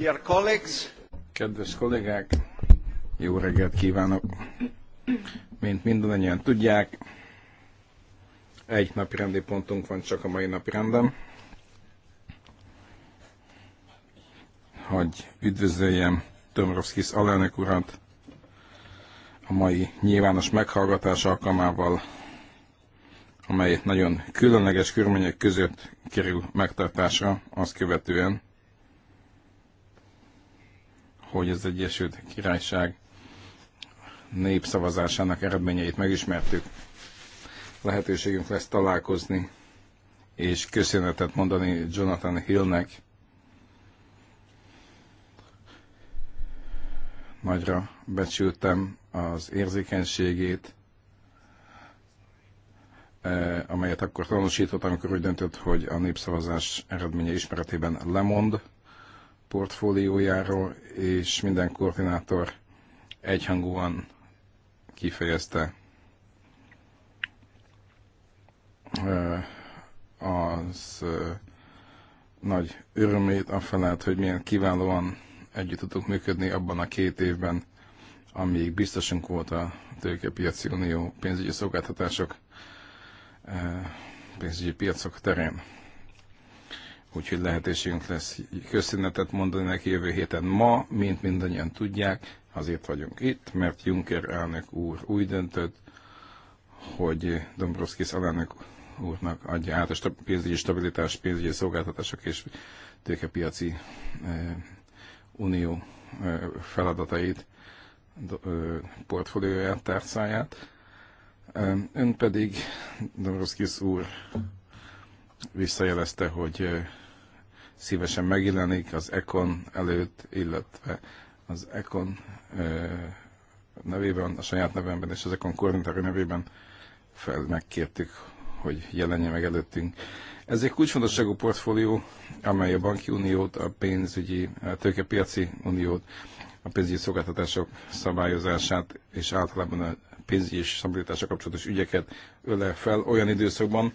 Dear colleagues. Kedves kollégák, jó reggelt kívánok! Mint mindannyian tudják, egy napi rendi pontunk van csak a mai napi rendem. Hogy üdvözöljem Tömrovszkis alelnök urat a mai nyilvános meghallgatás alkalmával amely nagyon különleges körülmények között kerül megtartásra, azt követően, hogy az Egyesült Királyság népszavazásának eredményeit megismertük. Lehetőségünk lesz találkozni és köszönetet mondani Jonathan Hillnek. Nagyra becsültem az érzékenységét, e, amelyet akkor tanúsított, amikor úgy döntött, hogy a népszavazás eredménye ismeretében lemond portfóliójáról, és minden koordinátor egyhangúan kifejezte eh, az eh, nagy örömét afelett, hogy milyen kiválóan együtt tudtuk működni abban a két évben, amíg biztosunk volt a tőkepiaci unió pénzügyi szolgáltatások eh, pénzügyi piacok terén úgyhogy lehetőségünk lesz köszönetet mondani neki jövő héten. Ma, mint mindannyian tudják, azért vagyunk itt, mert Juncker elnök úr úgy döntött, hogy Dombrovskis alelnök úrnak adja át a pénzügyi stabilitás, pénzügyi szolgáltatások és tőkepiaci eh, unió e, feladatait, eh, portfólióját, tárcáját. E, ön pedig, Dombrovskis úr, visszajelezte, hogy szívesen megjelenik az Econ előtt, illetve az Econ nevében, a saját nevemben és az Econ koordinátori nevében fel megkértük, hogy jelenjen meg előttünk. Ez egy kulcsfontosságú portfólió, amely a banki uniót, a pénzügyi, a tőkepiaci uniót, a pénzügyi szolgáltatások szabályozását és általában a pénzügyi és stabilitásra kapcsolatos ügyeket öle fel olyan időszakban,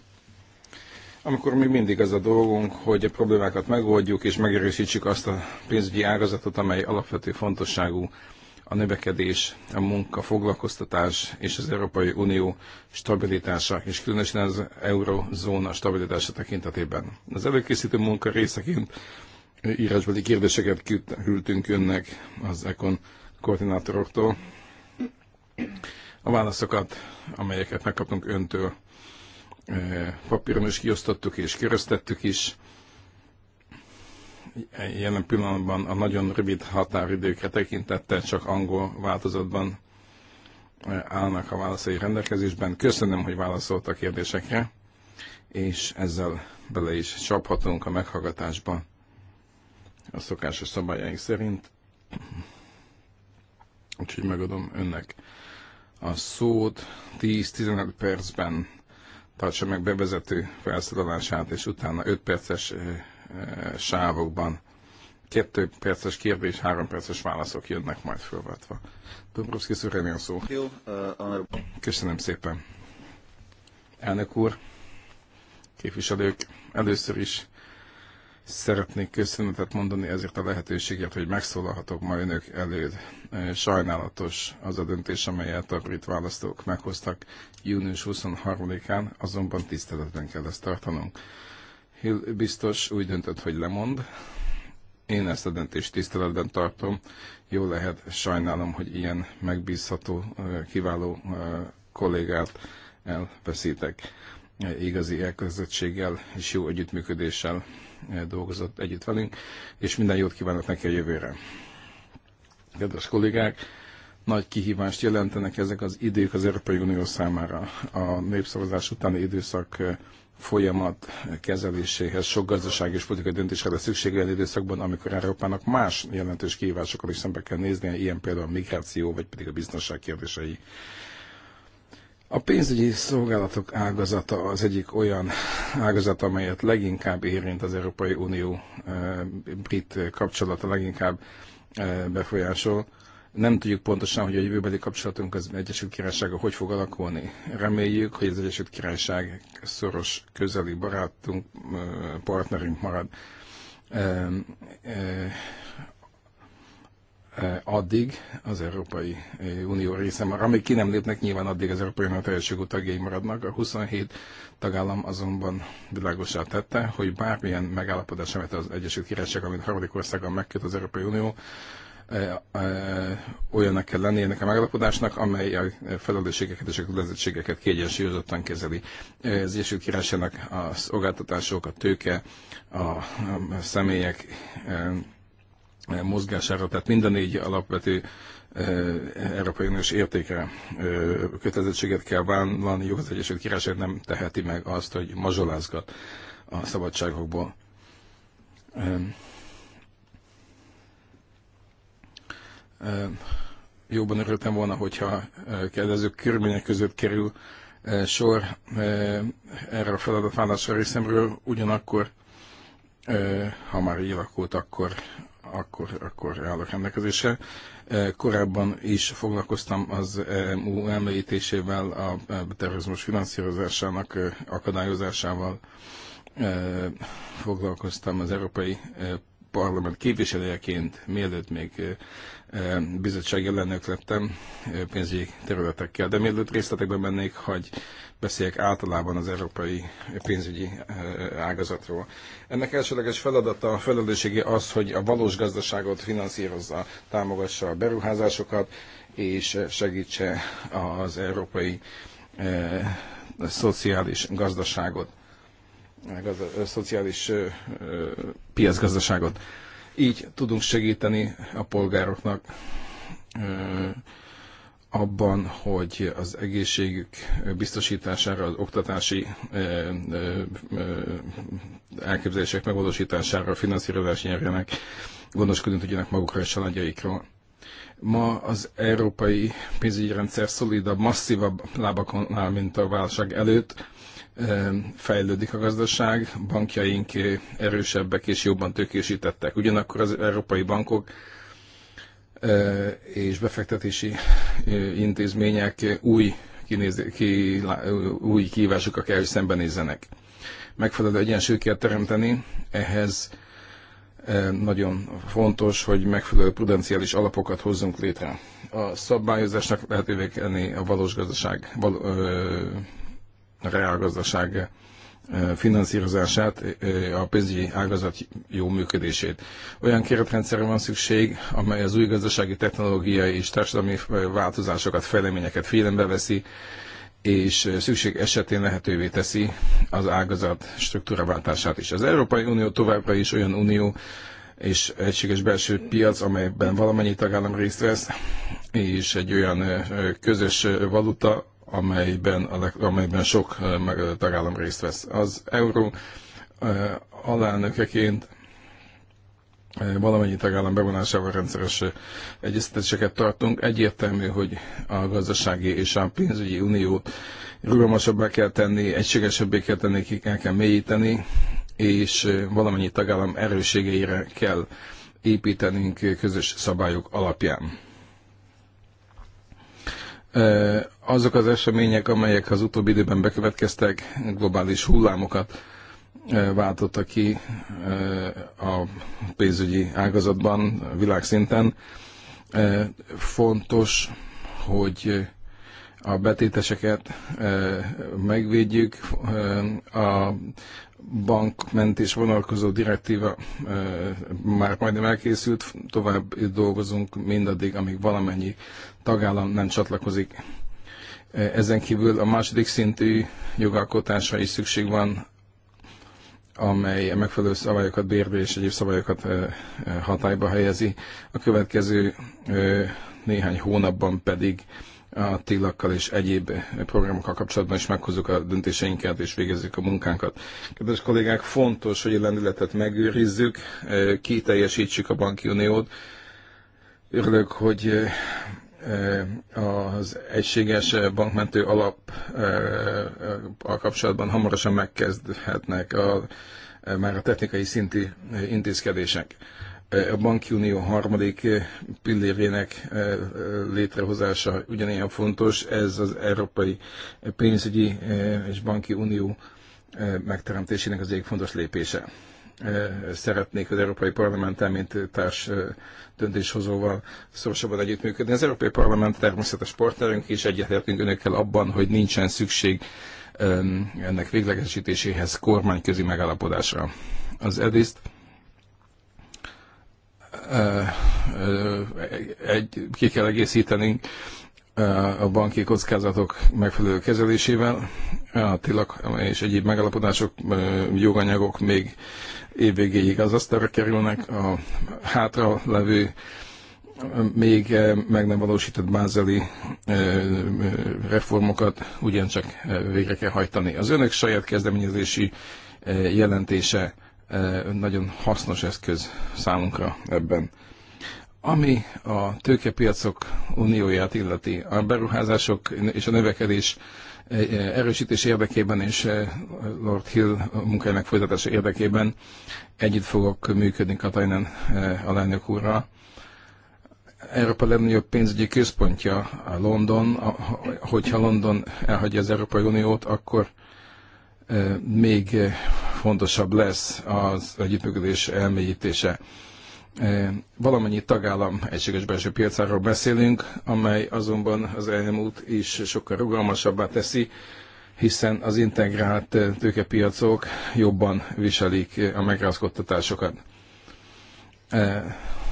amikor még mindig az a dolgunk, hogy a problémákat megoldjuk és megerősítsük azt a pénzügyi ágazatot, amely alapvető fontosságú a növekedés, a munka, foglalkoztatás és az Európai Unió stabilitása, és különösen az eurozóna stabilitása tekintetében. Az előkészítő munka részeként írásbeli kérdéseket küldtünk önnek az ECON koordinátoroktól. A válaszokat, amelyeket megkaptunk öntől, papíron is kiosztottuk és keresztettük is. Jelen pillanatban a nagyon rövid határidőkre tekintettel csak angol változatban állnak a válaszai rendelkezésben. Köszönöm, hogy válaszolt a kérdésekre, és ezzel bele is csaphatunk a meghallgatásba a szokásos szabályaink szerint. Úgyhogy megadom önnek a szót 10-15 percben tartsa meg bevezető felszólalását, és utána 5 perces eh, eh, sávokban 2 perces kérdés, 3 perces válaszok jönnek majd fölváltva. Dombrovszki szüremi a szó. Eh, Köszönöm szépen. Elnök úr, képviselők, először is Szeretnék köszönetet mondani ezért a lehetőséget, hogy megszólalhatok ma önök előtt. Eh, sajnálatos az a döntés, amelyet a brit választók meghoztak június 23-án, azonban tiszteletben kell ezt tartanunk. Hill biztos úgy döntött, hogy lemond. Én ezt a döntést tiszteletben tartom. Jó lehet, sajnálom, hogy ilyen megbízható, eh, kiváló eh, kollégát elveszítek igazi elközöttséggel és jó együttműködéssel dolgozott együtt velünk, és minden jót kívánok neki a jövőre. Kedves kollégák, nagy kihívást jelentenek ezek az idők az Európai Unió számára. A népszavazás utáni időszak folyamat kezeléséhez sok gazdaság és politikai döntésre lesz szükség olyan időszakban, amikor Európának más jelentős kihívásokkal is szembe kell néznie, ilyen például a migráció, vagy pedig a biztonság kérdései. A pénzügyi szolgálatok ágazata az egyik olyan ágazat, amelyet leginkább érint az Európai Unió brit kapcsolata, leginkább befolyásol. Nem tudjuk pontosan, hogy a jövőbeli kapcsolatunk az Egyesült Királysága hogy fog alakulni. Reméljük, hogy az Egyesült Királyság szoros, közeli barátunk, partnerünk marad Eh, addig az Európai eh, Unió része mar, amíg ki nem lépnek, nyilván addig az Európai Unió jogú tagjai maradnak. A 27 tagállam azonban világosá tette, hogy bármilyen megállapodás, amit az Egyesült Királyság, amit harmadik országgal megköt az Európai Unió, eh, olyannak kell lennie ennek a megállapodásnak, amely a felelősségeket és a kötelezettségeket kiegyensúlyozottan kezeli. Az Egyesült Királyságnak a szolgáltatások, a tőke, a személyek mozgására, tehát minden négy alapvető e, Európai Uniós értékre e, kötelezettséget kell vállalniuk, az Egyesült Királyság nem teheti meg azt, hogy mazsolázgat a szabadságokból. E, Jóban örültem volna, hogyha kedvező körülmények között kerül sor erre a feladatvállásra részemről, ugyanakkor ha már így alakult, akkor akkor, akkor állok rendelkezésre. E, korábban is foglalkoztam az EMU említésével, a e, terrorizmus finanszírozásának e, akadályozásával, foglalkoztam az Európai Parlament képviselőjeként, mielőtt még bizottsági ellenők lettem pénzügyi területekkel. De mielőtt részletekbe mennék, hogy beszéljek általában az európai pénzügyi ágazatról. Ennek elsőleges feladata, a felelőssége az, hogy a valós gazdaságot finanszírozza, támogassa a beruházásokat, és segítse az európai szociális gazdaságot meg az a szociális piacgazdaságot. Így tudunk segíteni a polgároknak abban, hogy az egészségük biztosítására, az oktatási elképzelések megvalósítására finanszírozást nyerjenek, gondoskodni tudjanak magukra és családjaikról. Ma az európai pénzügyi rendszer szolidabb, masszívabb lábakon áll, mint a válság előtt, fejlődik a gazdaság, bankjaink erősebbek és jobban tőkésítettek. Ugyanakkor az európai bankok és befektetési intézmények új, kinéz, ki, új kihívásokkal kell, hogy szembenézzenek. Megfelelő egyensúlyt kell teremteni, ehhez nagyon fontos, hogy megfelelő prudenciális alapokat hozzunk létre. A szabályozásnak lehetővé tenni a valós gazdaság, ö, reálgazdaság eh, finanszírozását, eh, a pénzügyi ágazat jó működését. Olyan keretrendszerre van szükség, amely az új gazdasági technológiai és társadalmi eh, változásokat, fejleményeket figyelembe veszi, és szükség esetén lehetővé teszi az ágazat struktúraváltását is. Az Európai Unió továbbra is olyan unió, és egységes belső piac, amelyben valamennyi tagállam részt vesz, és egy olyan közös valuta, amelyben, a, amelyben sok eh, tagállam részt vesz. Az euró eh, alelnökeként eh, valamennyi tagállam bevonásával rendszeres egyeztetéseket tartunk. Egyértelmű, hogy a gazdasági és a pénzügyi uniót rugalmasabbá kell tenni, egységesebbé kell tenni, ki kell, kell mélyíteni, és valamennyi tagállam erősségeire kell építenünk közös szabályok alapján azok az események, amelyek az utóbbi időben bekövetkeztek, globális hullámokat váltotta ki a pénzügyi ágazatban, világszinten. Fontos, hogy a betéteseket megvédjük. A bankmentés vonalkozó direktíva már majdnem elkészült, tovább dolgozunk mindaddig, amíg valamennyi tagállam nem csatlakozik. E, ezen kívül a második szintű jogalkotásra is szükség van, amely megfelelő szabályokat, bérbe és egyéb szabályokat e, e, hatályba helyezi. A következő néhány hónapban pedig a tilakkal és egyéb programokkal kapcsolatban is meghozzuk a döntéseinket és végezzük a munkánkat. Kedves kollégák, fontos, hogy a lendületet megőrizzük, kiteljesítsük a banki uniót. Örülök, hogy az egységes bankmentő alap a kapcsolatban hamarosan megkezdhetnek a, már a technikai szinti intézkedések. A bankunió harmadik pillérének létrehozása ugyanilyen fontos, ez az Európai Pénzügyi és Banki Unió megteremtésének az egyik fontos lépése szeretnék az Európai Parlamenttel, mint társ döntéshozóval szorosabban együttműködni. Az Európai Parlament természetes partnerünk, és egyetértünk önökkel abban, hogy nincsen szükség ennek véglegesítéséhez kormányközi megállapodásra. Az EDIST egy, ki kell egészítenünk a banki kockázatok megfelelő kezelésével. A tilak és egyéb megállapodások, joganyagok még évvégéig az asztalra kerülnek, a hátra levő még eh, meg nem valósított bázeli eh, eh, reformokat ugyancsak végre kell hajtani. Az önök saját kezdeményezési jelentése nagyon hasznos eszköz számunkra ebben. Ami a tőkepiacok unióját illeti, a beruházások és a növekedés erősítés érdekében és eh, Lord Hill munkájának folytatása érdekében együtt fogok működni Katainen eh, alelnök úrral. Európa legnagyobb pénzügyi központja a London. Hogyha London elhagyja az Európai Uniót, akkor eh, még fontosabb lesz az együttműködés elmélyítése. Eh, valamennyi tagállam egységes belső piacáról beszélünk, amely azonban az elmúlt is sokkal rugalmasabbá teszi, hiszen az integrált eh, tőkepiacok jobban viselik eh, a megrázkodtatásokat.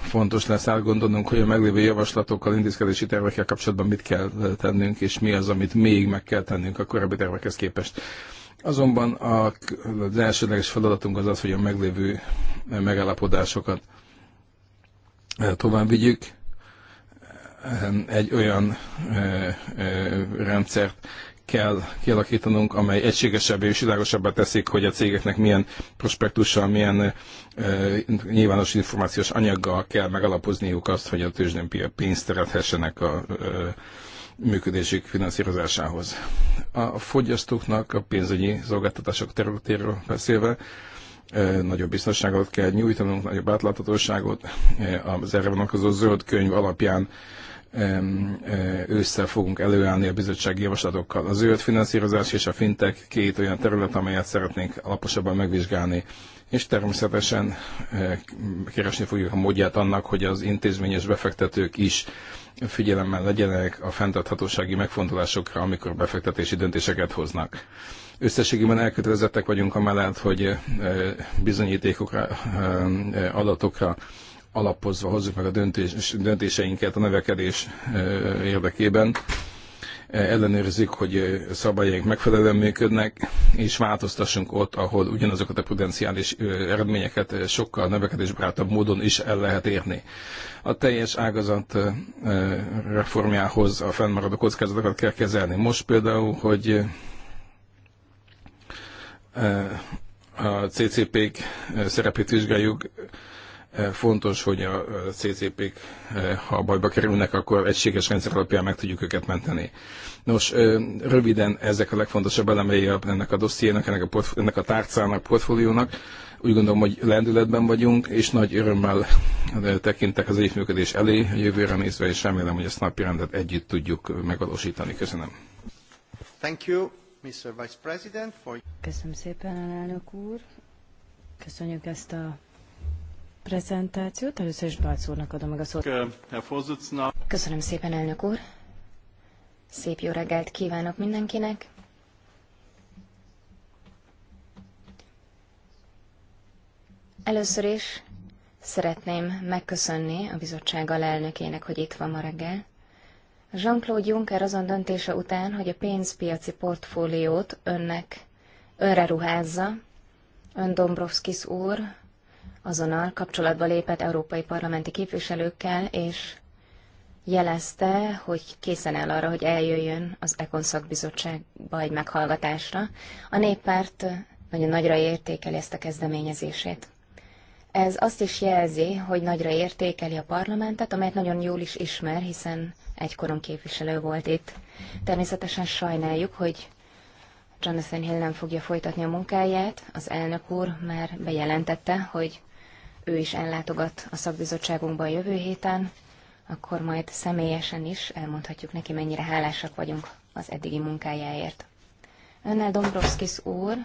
Fontos lesz átgondolnunk, hogy a meglévő javaslatokkal, intézkedési tervekkel kapcsolatban mit kell tennünk, és mi az, amit még meg kell tennünk a korábbi tervekhez képest. Azonban az elsődleges feladatunk az az, hogy a meglévő megállapodásokat tovább vigyük ehm, egy olyan ö, ö, rendszert kell kialakítanunk, amely egységesebbé és világosabbá teszik, hogy a cégeknek milyen prospektussal, milyen ö, nyilvános információs anyaggal kell megalapozniuk azt, hogy a tőzsdén pénzt terethessenek a ö, működésük finanszírozásához. A fogyasztóknak a pénzügyi szolgáltatások területéről beszélve, nagyobb biztonságot kell nyújtanunk, nagyobb átláthatóságot. Az erre vonatkozó zöld könyv alapján össze fogunk előállni a bizottsági javaslatokkal. A zöld finanszírozás és a fintek két olyan terület, amelyet szeretnénk alaposabban megvizsgálni, és természetesen keresni fogjuk a módját annak, hogy az intézményes befektetők is figyelemmel legyenek a fenntarthatósági megfontolásokra, amikor befektetési döntéseket hoznak Összességében elkötelezettek vagyunk amellett, hogy eh, bizonyítékokra, eh, adatokra alapozva hozzuk meg a döntés, döntéseinket a növekedés eh, érdekében. Ellenőrzik, hogy szabályaink megfelelően működnek, és változtassunk ott, ahol ugyanazokat a potenciális eredményeket sokkal növekedésbarátabb módon is el lehet érni. A teljes ágazat reformjához a fennmaradó kockázatokat kell kezelni. Most például, hogy a CCP-k szerepét vizsgáljuk, fontos, hogy a CCP-k, ha bajba kerülnek, akkor egységes rendszer alapján meg tudjuk őket menteni. Nos, röviden ezek a legfontosabb elemei ennek a dossziénak, ennek a, ennek a tárcának, portfóliónak. Úgy gondolom, hogy lendületben vagyunk, és nagy örömmel tekintek az együttműködés elé a jövőre nézve, és remélem, hogy ezt napi rendet együtt tudjuk megvalósítani. Köszönöm. Thank you. Mr. Vice President, for... Köszönöm szépen, elnök úr. Köszönjük ezt a prezentációt. Először is Balc úrnak adom meg a szót. Köszönöm szépen, elnök úr. Szép jó reggelt kívánok mindenkinek. Először is szeretném megköszönni a bizottság alelnökének, hogy itt van ma reggel. Jean-Claude Juncker azon döntése után, hogy a pénzpiaci portfóliót önnek önre ruházza, ön Dombrovskis úr azonnal kapcsolatba lépett európai parlamenti képviselőkkel, és jelezte, hogy készen áll arra, hogy eljöjjön az Ekon szakbizottságba egy meghallgatásra. A néppárt nagyon nagyra értékeli ezt a kezdeményezését. Ez azt is jelzi, hogy nagyra értékeli a parlamentet, amelyet nagyon jól is ismer, hiszen egykoron képviselő volt itt. Természetesen sajnáljuk, hogy Jonathan Hill nem fogja folytatni a munkáját. Az elnök úr már bejelentette, hogy ő is ellátogat a szakbizottságunkban a jövő héten, akkor majd személyesen is elmondhatjuk neki, mennyire hálásak vagyunk az eddigi munkájáért. Önnel Dombrovskis úr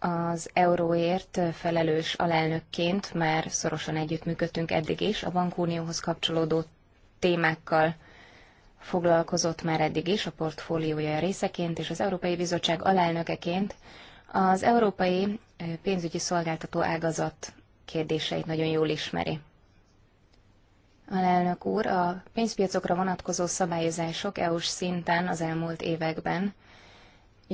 az euróért felelős alelnökként mert szorosan együttműködtünk eddig is, a bankunióhoz kapcsolódó témákkal foglalkozott már eddig is a portfóliója részeként, és az Európai Bizottság alelnökeként az európai pénzügyi szolgáltató ágazat kérdéseit nagyon jól ismeri. Alelnök úr, a pénzpiacokra vonatkozó szabályozások EU-s szinten az elmúlt években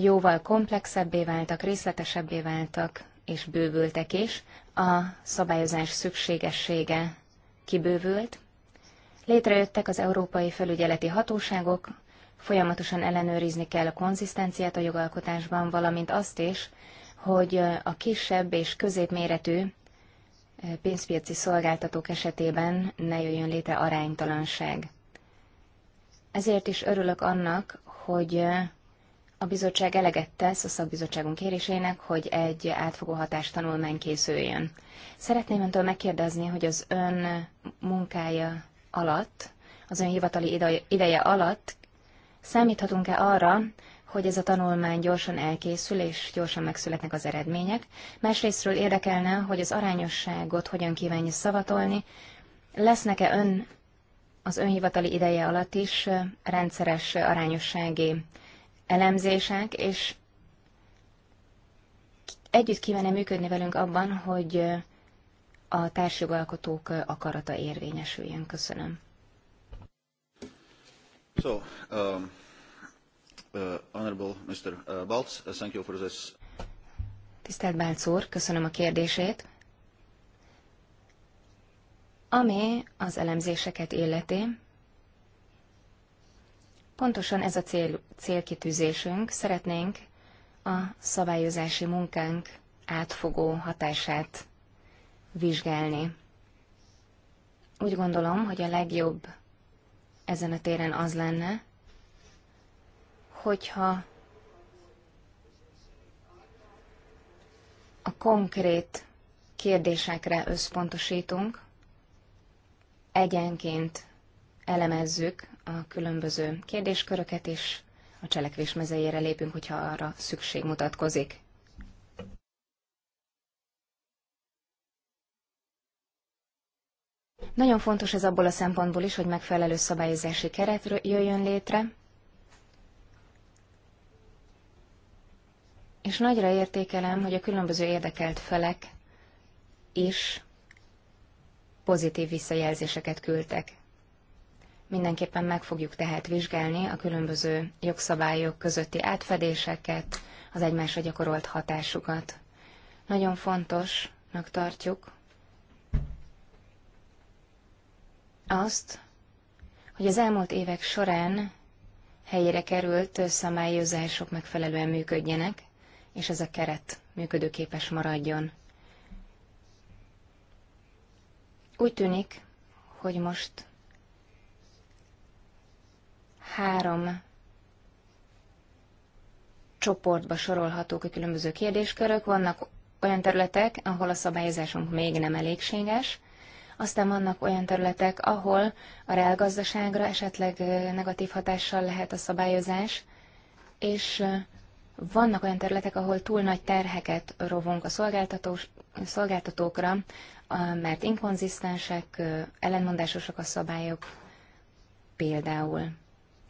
jóval komplexebbé váltak, részletesebbé váltak, és bővültek is. A szabályozás szükségessége kibővült. Létrejöttek az európai felügyeleti hatóságok, folyamatosan ellenőrizni kell a konzisztenciát a jogalkotásban, valamint azt is, hogy a kisebb és középméretű eh, pénzpiaci szolgáltatók esetében ne jöjjön létre aránytalanság. Ezért is örülök annak, hogy eh, a bizottság eleget tesz a szakbizottságunk kérésének, hogy egy átfogó hatástanulmány készüljön. Szeretném öntől megkérdezni, hogy az ön munkája alatt, az ön hivatali ideje alatt számíthatunk-e arra, hogy ez a tanulmány gyorsan elkészül és gyorsan megszületnek az eredmények. Másrésztről érdekelne, hogy az arányosságot hogyan kívánja szavatolni. Lesznek-e ön az önhivatali ideje alatt is rendszeres arányossági elemzések, és együtt kívánne működni velünk abban, hogy a társjogalkotók akarata érvényesüljön. Köszönöm. So, um, uh, honorable Mr. Uh, Baltz, uh, thank you for this. Tisztelt Bálc úr, köszönöm a kérdését. Ami az elemzéseket illeti, Pontosan ez a cél, célkitűzésünk. Szeretnénk a szabályozási munkánk átfogó hatását vizsgálni. Úgy gondolom, hogy a legjobb ezen a téren az lenne, hogyha a konkrét kérdésekre összpontosítunk, egyenként elemezzük a különböző kérdésköröket, és a cselekvés mezejére lépünk, hogyha arra szükség mutatkozik. Nagyon fontos ez abból a szempontból is, hogy megfelelő szabályozási keret jöjjön létre, és nagyra értékelem, hogy a különböző érdekelt felek is pozitív visszajelzéseket küldtek Mindenképpen meg fogjuk tehát vizsgálni a különböző jogszabályok közötti átfedéseket, az egymásra gyakorolt hatásukat. Nagyon fontosnak tartjuk azt, hogy az elmúlt évek során helyére került szabályozások megfelelően működjenek, és ez a keret működőképes maradjon. Úgy tűnik, hogy most három csoportba sorolhatók a különböző kérdéskörök. Vannak olyan területek, ahol a szabályozásunk még nem elégséges, aztán vannak olyan területek, ahol a reálgazdaságra esetleg negatív hatással lehet a szabályozás, és vannak olyan területek, ahol túl nagy terheket rovunk a szolgáltatós, szolgáltatókra, mert inkonzisztensek, ellenmondásosak a szabályok például.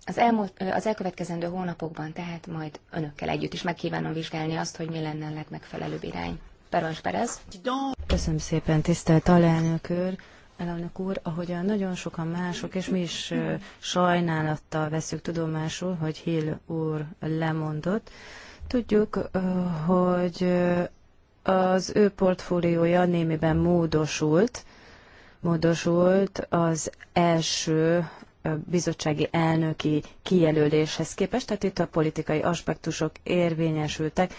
Az, elmúlt, az elkövetkezendő hónapokban tehát majd önökkel együtt is megkívánom vizsgálni azt, hogy mi lenne a legmegfelelőbb irány. Perons Perez. Köszönöm szépen, tisztelt alelnök úr. Elnök úr, ahogyan nagyon sokan mások, és mi is sajnálattal veszük tudomásul, hogy Hill úr lemondott, tudjuk, hogy az ő portfóliója némiben módosult, módosult az első bizottsági elnöki kijelöléshez képest, tehát itt a politikai aspektusok érvényesültek.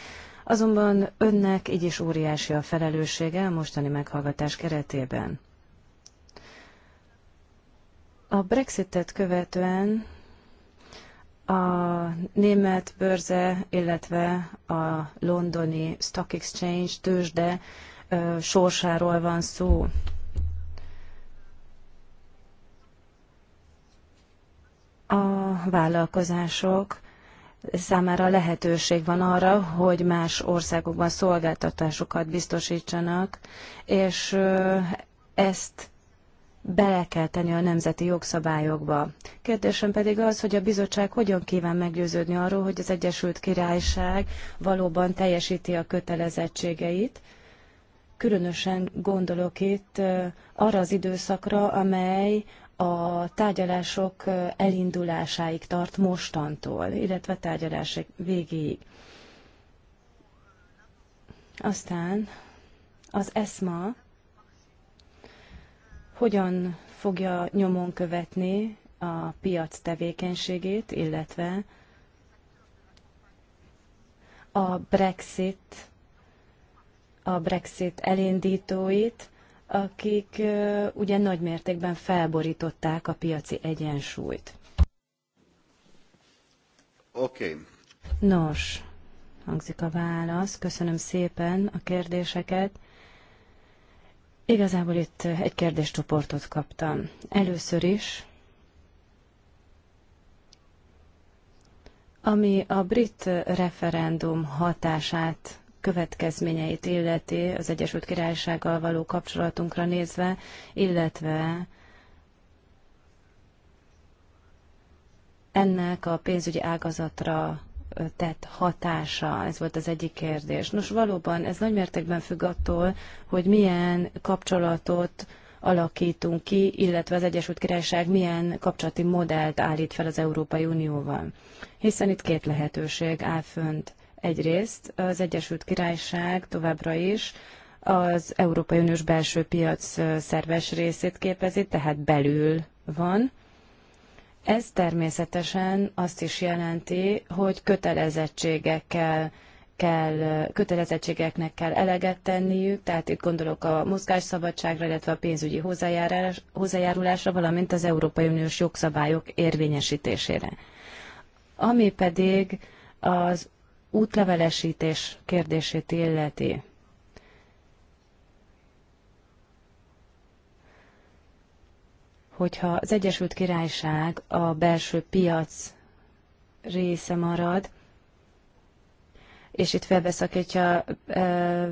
Azonban önnek így is óriási a felelőssége a mostani meghallgatás keretében. A Brexitet követően a német börze, illetve a londoni Stock Exchange tőzsde sorsáról van szó. a vállalkozások számára lehetőség van arra, hogy más országokban szolgáltatásokat biztosítsanak, és ezt bele kell tenni a nemzeti jogszabályokba. Kérdésem pedig az, hogy a bizottság hogyan kíván meggyőződni arról, hogy az Egyesült Királyság valóban teljesíti a kötelezettségeit, Különösen gondolok itt arra az időszakra, amely a tárgyalások elindulásáig tart mostantól, illetve a tárgyalások végéig. Aztán az ESMA hogyan fogja nyomon követni a piac tevékenységét, illetve a Brexit, a Brexit elindítóit, akik ugye nagy mértékben felborították a piaci egyensúlyt. Oké. Okay. Nos, hangzik a válasz. Köszönöm szépen a kérdéseket. Igazából itt egy kérdéscsoportot kaptam. Először is, ami a brit referendum hatását következményeit illeti az Egyesült Királysággal való kapcsolatunkra nézve, illetve ennek a pénzügyi ágazatra tett hatása? Ez volt az egyik kérdés. Nos, valóban ez nagy mértékben függ attól, hogy milyen kapcsolatot alakítunk ki, illetve az Egyesült Királyság milyen kapcsolati modellt állít fel az Európai Unióval. Hiszen itt két lehetőség áll fönt. Egyrészt az Egyesült Királyság továbbra is az Európai Uniós belső piac szerves részét képezi, tehát belül van. Ez természetesen azt is jelenti, hogy kötelezettségekkel kell, kötelezettségeknek kell eleget tenniük, tehát itt gondolok a mozgásszabadságra, illetve a pénzügyi hozzájárás, hozzájárulásra, valamint az Európai Uniós jogszabályok érvényesítésére. Ami pedig az útlevelesítés kérdését illeti. Hogyha az Egyesült Királyság a belső piac része marad, és itt felbeszakítja e,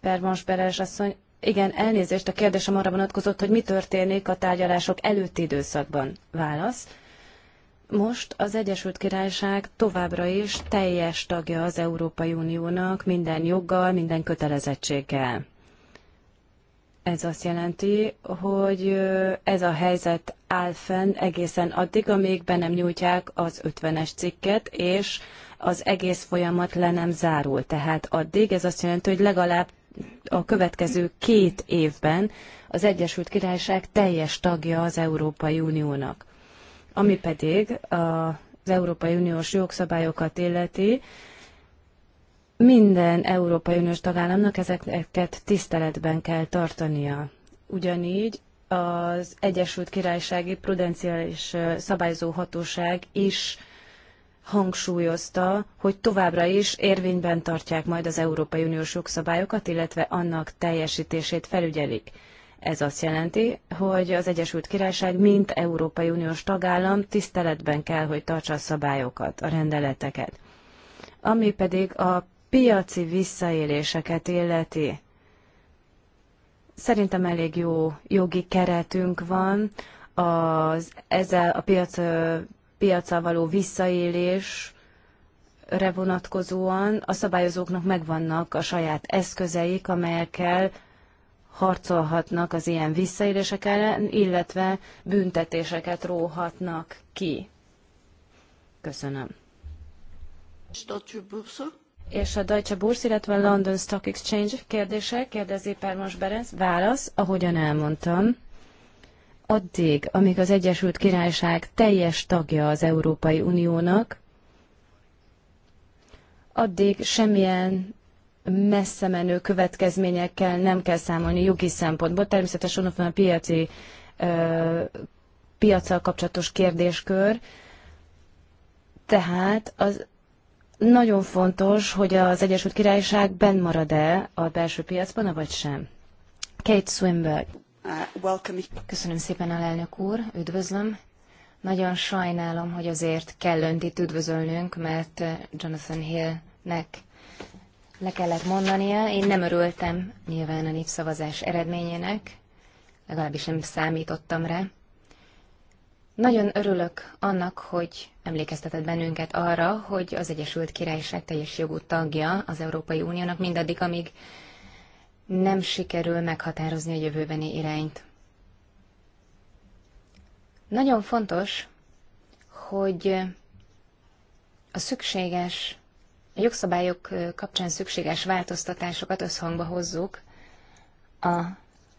Pervans Beres asszony, igen, elnézést, a kérdésem arra vonatkozott, hogy mi történik a tárgyalások előtti időszakban. Válasz. Most az Egyesült Királyság továbbra is teljes tagja az Európai Uniónak minden joggal, minden kötelezettséggel. Ez azt jelenti, hogy ez a helyzet áll fenn egészen addig, amíg be nem nyújtják az 50-es cikket, és az egész folyamat le nem zárul. Tehát addig ez azt jelenti, hogy legalább a következő két évben az Egyesült Királyság teljes tagja az Európai Uniónak. Ami pedig az Európai Uniós jogszabályokat illeti, minden Európai Uniós tagállamnak ezeket tiszteletben kell tartania. Ugyanígy az Egyesült Királysági Prudenciális Szabályzó Hatóság is hangsúlyozta, hogy továbbra is érvényben tartják majd az Európai Uniós jogszabályokat, illetve annak teljesítését felügyelik. Ez azt jelenti, hogy az Egyesült Királyság, mint Európai Uniós tagállam tiszteletben kell, hogy tartsa a szabályokat, a rendeleteket. Ami pedig a piaci visszaéléseket illeti, szerintem elég jó jogi keretünk van, az, ezzel a piac, piacsal való visszaélés, vonatkozóan a szabályozóknak megvannak a saját eszközeik, amelyekkel harcolhatnak az ilyen visszaérések ellen, illetve büntetéseket róhatnak ki. Köszönöm. És a Deutsche Börse, illetve a London Stock Exchange kérdése, kérdezi Pármos Berenc, válasz, ahogyan elmondtam, addig, amíg az Egyesült Királyság teljes tagja az Európai Uniónak, addig semmilyen messze menő következményekkel nem kell számolni jogi szempontból. Természetesen ott van a piaci ö, piacsal kapcsolatos kérdéskör, tehát az nagyon fontos, hogy az Egyesült Királyság benn marad-e a belső piacban, vagy sem. Kate Swinberg. Köszönöm szépen, alelnök úr, üdvözlöm. Nagyon sajnálom, hogy azért kell önt itt üdvözölnünk, mert Jonathan Hillnek le kellett mondania. Én nem örültem nyilván a népszavazás eredményének, legalábbis nem számítottam rá. Nagyon örülök annak, hogy emlékeztetett bennünket arra, hogy az Egyesült Királyság teljes jogú tagja az Európai Uniónak mindaddig, amíg nem sikerül meghatározni a jövőbeni irányt. Nagyon fontos, hogy a szükséges a jogszabályok kapcsán szükséges változtatásokat összhangba hozzuk a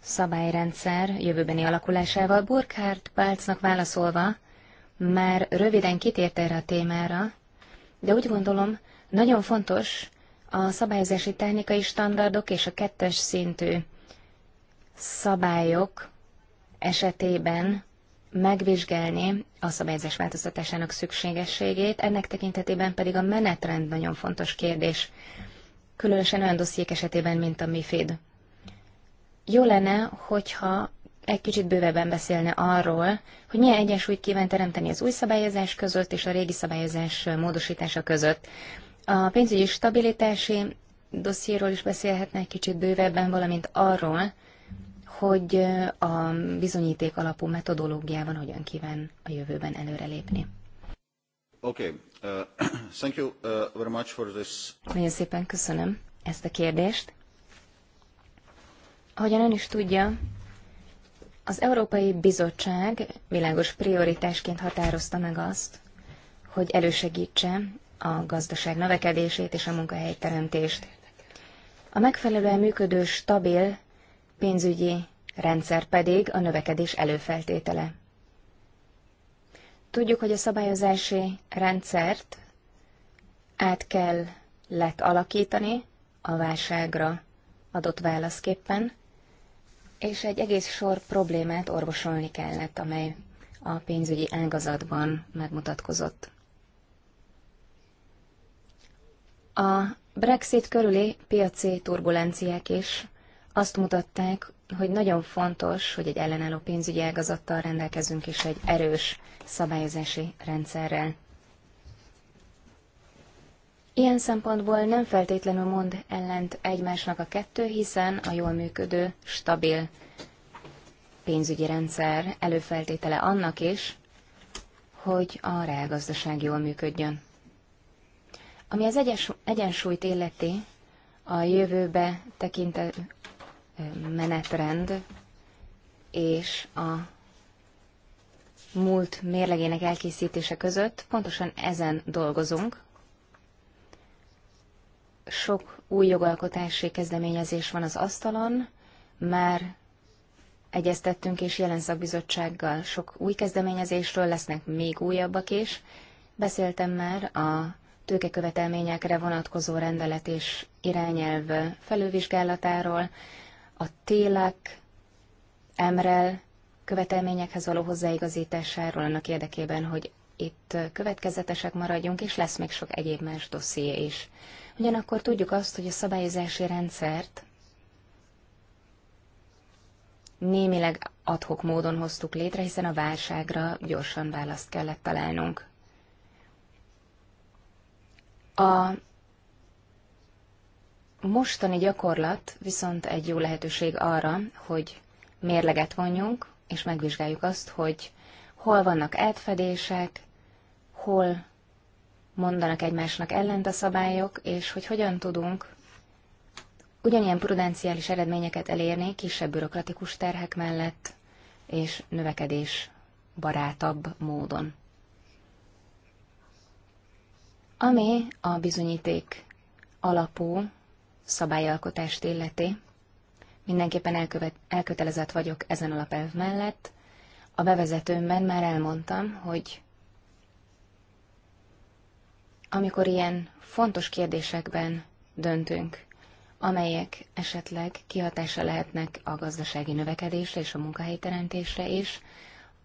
szabályrendszer jövőbeni alakulásával. Burkhardt Balcnak válaszolva, már röviden kitért erre a témára, de úgy gondolom, nagyon fontos a szabályozási technikai standardok és a kettes szintű szabályok esetében megvizsgálni a szabályozás változtatásának szükségességét, ennek tekintetében pedig a menetrend nagyon fontos kérdés, különösen olyan dossziék esetében, mint a MIFID. Jó lenne, hogyha egy kicsit bővebben beszélne arról, hogy milyen egyensúlyt kíván teremteni az új szabályozás között és a régi szabályozás módosítása között. A pénzügyi stabilitási dossziéról is beszélhetne egy kicsit bővebben, valamint arról, hogy a bizonyíték alapú metodológiában hogyan kíván a jövőben előrelépni. Okay. Uh, thank you uh, very much for this. Nagyon szépen köszönöm ezt a kérdést. Ahogyan ön is tudja, az Európai Bizottság világos prioritásként határozta meg azt, hogy elősegítse a gazdaság növekedését és a munkahelyteremtést. A megfelelően működő, stabil pénzügyi rendszer pedig a növekedés előfeltétele. Tudjuk, hogy a szabályozási rendszert át kell lett alakítani a válságra adott válaszképpen, és egy egész sor problémát orvosolni kellett, amely a pénzügyi ágazatban megmutatkozott. A Brexit körüli piaci turbulenciák is azt mutatták, hogy nagyon fontos, hogy egy ellenálló pénzügyi ágazattal rendelkezünk, és egy erős szabályozási rendszerrel. Ilyen szempontból nem feltétlenül mond ellent egymásnak a kettő, hiszen a jól működő, stabil pénzügyi rendszer előfeltétele annak is, hogy a reálgazdaság jól működjön. Ami az egyensúlyt illeti, a jövőbe tekintő menetrend és a múlt mérlegének elkészítése között pontosan ezen dolgozunk. Sok új jogalkotási kezdeményezés van az asztalon, már egyeztettünk és jelen szakbizottsággal sok új kezdeményezésről, lesznek még újabbak is. Beszéltem már a tőkekövetelményekre vonatkozó rendelet és irányelv felővizsgálatáról, a télek, emrel követelményekhez való hozzáigazításáról annak érdekében, hogy itt következetesek maradjunk, és lesz még sok egyéb más dosszié is. Ugyanakkor tudjuk azt, hogy a szabályozási rendszert némileg adhok módon hoztuk létre, hiszen a válságra gyorsan választ kellett találnunk. A mostani gyakorlat viszont egy jó lehetőség arra, hogy mérleget vonjunk, és megvizsgáljuk azt, hogy hol vannak átfedések, hol mondanak egymásnak ellent a szabályok, és hogy hogyan tudunk ugyanilyen prudenciális eredményeket elérni kisebb bürokratikus terhek mellett és növekedés barátabb módon. Ami a bizonyíték alapú szabályalkotást illeti. Mindenképpen elkövet, elkötelezett vagyok ezen alapelv mellett. A bevezetőmben már elmondtam, hogy amikor ilyen fontos kérdésekben döntünk, amelyek esetleg kihatása lehetnek a gazdasági növekedésre és a munkahelyteremtésre is,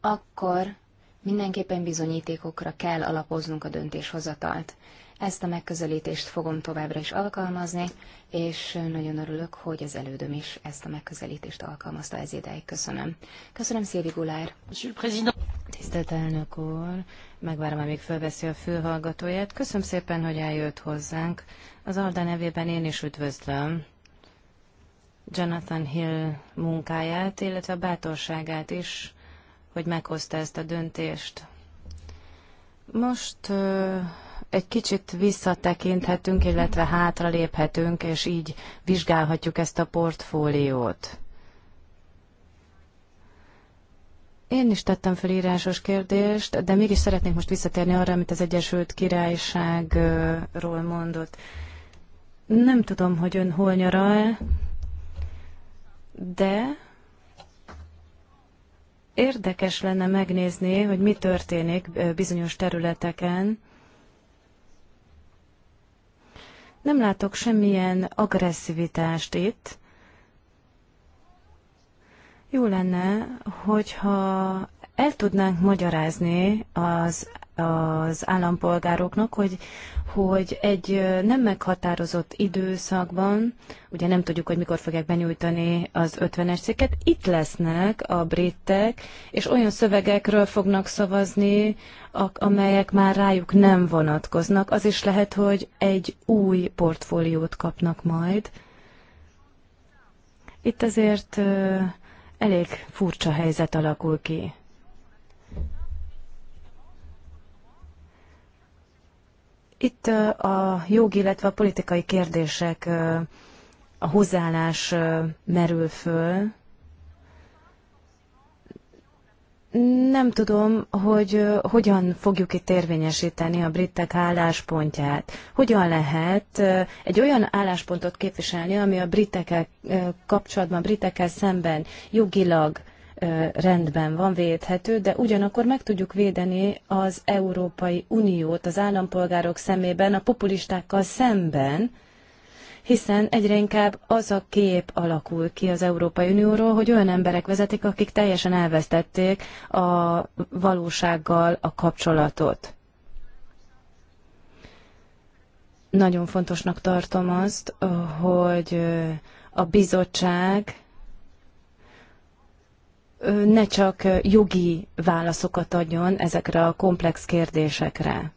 akkor mindenképpen bizonyítékokra kell alapoznunk a döntéshozatalt. Ezt a megközelítést fogom továbbra is alkalmazni, és nagyon örülök, hogy az elődöm is ezt a megközelítést alkalmazta ez ideig. Köszönöm. Köszönöm, Szilvi Gulár. Tisztelt elnök úr, megvárom, amíg felveszi a fülhallgatóját. Köszönöm szépen, hogy eljött hozzánk. Az Alda nevében én is üdvözlöm Jonathan Hill munkáját, illetve a bátorságát is, hogy meghozta ezt a döntést. Most egy kicsit visszatekinthetünk, illetve hátraléphetünk, és így vizsgálhatjuk ezt a portfóliót. Én is tettem fel írásos kérdést, de mégis szeretnék most visszatérni arra, amit az Egyesült Királyságról mondott. Nem tudom, hogy ön hol nyaral, de érdekes lenne megnézni, hogy mi történik bizonyos területeken, Nem látok semmilyen agresszivitást itt. Jó lenne, hogyha el tudnánk magyarázni az, az állampolgároknak, hogy, hogy egy nem meghatározott időszakban, ugye nem tudjuk, hogy mikor fogják benyújtani az 50-es cikket, itt lesznek a britek, és olyan szövegekről fognak szavazni, amelyek már rájuk nem vonatkoznak. Az is lehet, hogy egy új portfóliót kapnak majd. Itt azért elég furcsa helyzet alakul ki. Itt a jogi, illetve a politikai kérdések, a hozzáállás merül föl. Nem tudom, hogy hogyan fogjuk itt érvényesíteni a britek álláspontját. Hogyan lehet egy olyan álláspontot képviselni, ami a britekkel kapcsolatban, britekkel szemben jogilag rendben van, védhető, de ugyanakkor meg tudjuk védeni az Európai Uniót az állampolgárok szemében, a populistákkal szemben, hiszen egyre inkább az a kép alakul ki az Európai Unióról, hogy olyan emberek vezetik, akik teljesen elvesztették a valósággal a kapcsolatot. Nagyon fontosnak tartom azt, hogy a bizottság ne csak jogi válaszokat adjon ezekre a komplex kérdésekre.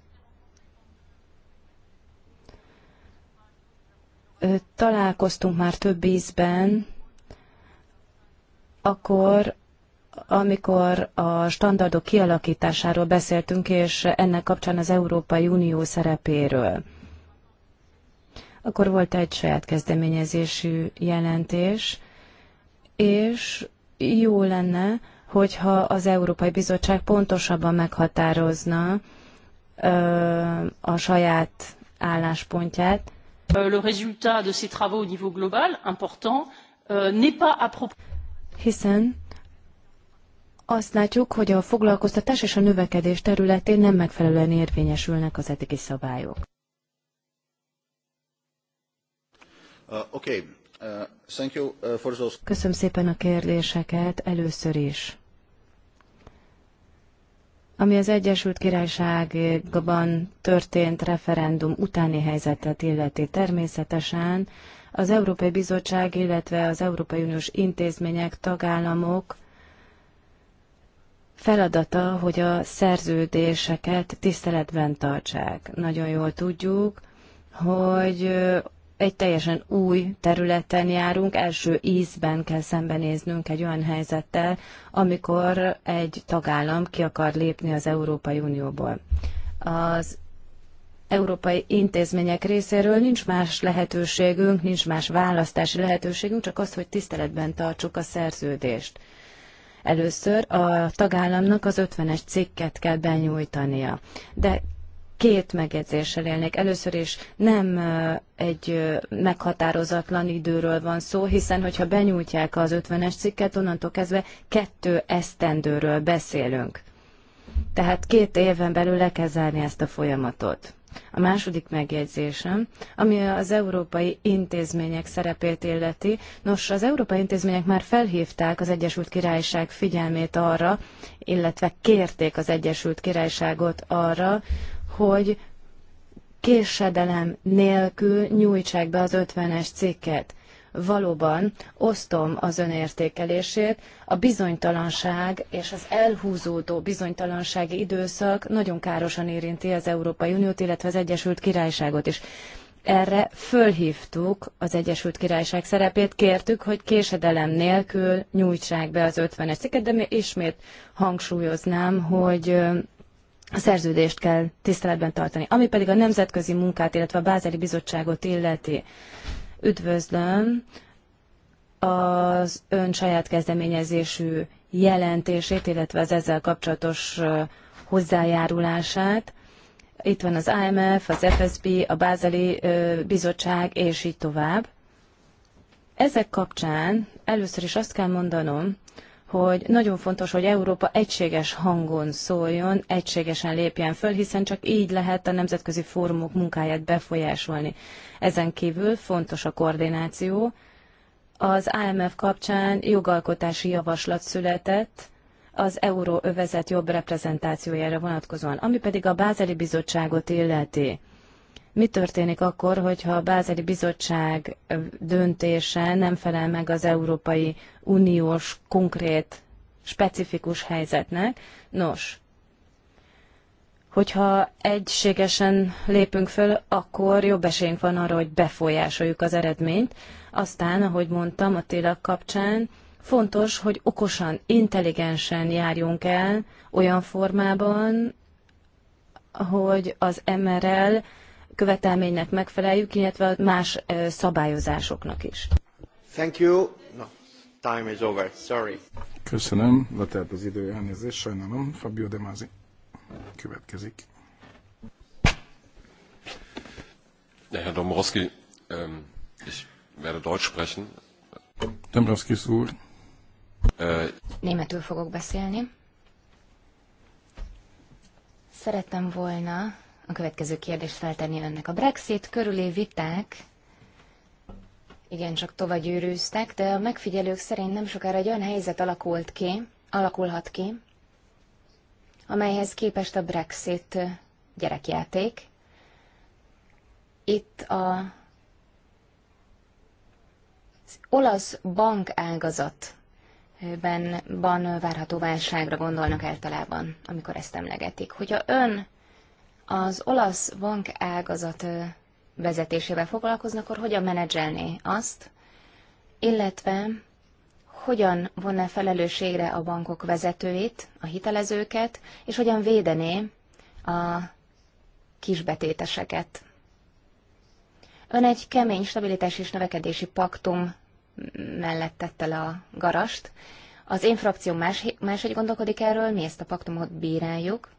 Találkoztunk már több ízben, akkor, amikor a standardok kialakításáról beszéltünk, és ennek kapcsán az Európai Unió szerepéről. Akkor volt egy saját kezdeményezésű jelentés, és jó lenne, hogyha az Európai Bizottság pontosabban meghatározna a saját álláspontját. Euh, le résultat de ces travaux au niveau global, important, euh, n'est pas Hiszen azt látjuk, hogy a foglalkoztatás és a növekedés területén nem megfelelően érvényesülnek az eddigi szabályok. Uh, okay. Uh, uh, Köszönöm szépen a kérdéseket először is. Ami az Egyesült Királyságban történt referendum utáni helyzetet illeti természetesen, az Európai Bizottság, illetve az Európai Uniós intézmények, tagállamok feladata, hogy a szerződéseket tiszteletben tartsák. Nagyon jól tudjuk, hogy egy teljesen új területen járunk, első ízben kell szembenéznünk egy olyan helyzettel, amikor egy tagállam ki akar lépni az Európai Unióból. Az európai intézmények részéről nincs más lehetőségünk, nincs más választási lehetőségünk, csak az, hogy tiszteletben tartsuk a szerződést. Először a tagállamnak az 51 cikket kell benyújtania, de két megjegyzéssel élnék. Először is nem egy meghatározatlan időről van szó, hiszen hogyha benyújtják az 50-es cikket, onnantól kezdve kettő esztendőről beszélünk. Tehát két éven belül le kell zárni ezt a folyamatot. A második megjegyzésem, ami az európai intézmények szerepét illeti. Nos, az európai intézmények már felhívták az Egyesült Királyság figyelmét arra, illetve kérték az Egyesült Királyságot arra, hogy késedelem nélkül nyújtsák be az 50-es cikket. Valóban osztom az önértékelését, a bizonytalanság és az elhúzódó bizonytalansági időszak nagyon károsan érinti az Európai Uniót, illetve az Egyesült Királyságot is. Erre fölhívtuk az Egyesült Királyság szerepét, kértük, hogy késedelem nélkül nyújtsák be az 50-es cikket, de mi ismét hangsúlyoznám, hogy a szerződést kell tiszteletben tartani. Ami pedig a nemzetközi munkát, illetve a Bázeli Bizottságot illeti, üdvözlöm az ön saját kezdeményezésű jelentését, illetve az ezzel kapcsolatos hozzájárulását. Itt van az IMF, az FSB, a Bázeli Bizottság, és így tovább. Ezek kapcsán először is azt kell mondanom, hogy nagyon fontos, hogy Európa egységes hangon szóljon, egységesen lépjen föl, hiszen csak így lehet a nemzetközi fórumok munkáját befolyásolni. Ezen kívül fontos a koordináció. Az AMF kapcsán jogalkotási javaslat született, az euróövezet jobb reprezentációjára vonatkozóan, ami pedig a Bázeli Bizottságot illeti mi történik akkor, hogyha a Bázeli Bizottság döntése nem felel meg az Európai Uniós konkrét, specifikus helyzetnek? Nos, hogyha egységesen lépünk föl, akkor jobb esélyünk van arra, hogy befolyásoljuk az eredményt. Aztán, ahogy mondtam, a télak kapcsán fontos, hogy okosan, intelligensen járjunk el olyan formában, hogy az MRL követelménynek megfeleljük, illetve más szabályozásoknak is. Thank you. No, time is over. Sorry. Köszönöm. Letelt az idő, elnézést, sajnálom. Fabio De Masi következik. Ja, Herr Dombrowski, ähm, ich werde Deutsch sprechen. Dombrowski úr. gut. Äh, Németül fogok beszélni. Szerettem volna a következő kérdést feltenni önnek. A Brexit körülé viták igen, csak gyűrűztek, de a megfigyelők szerint nem sokára egy olyan helyzet alakult ki, alakulhat ki, amelyhez képest a Brexit gyerekjáték. Itt a az olasz bank ben, várható válságra gondolnak általában, amikor ezt emlegetik. Hogyha ön az olasz bank ágazat vezetésével foglalkoznak, akkor hogyan menedzselné azt, illetve hogyan vonná felelősségre a bankok vezetőit, a hitelezőket, és hogyan védené a kisbetéteseket. Ön egy kemény stabilitás és növekedési paktum mellett tette le a garast. Az én frakció más, hogy gondolkodik erről, mi ezt a paktumot bíráljuk.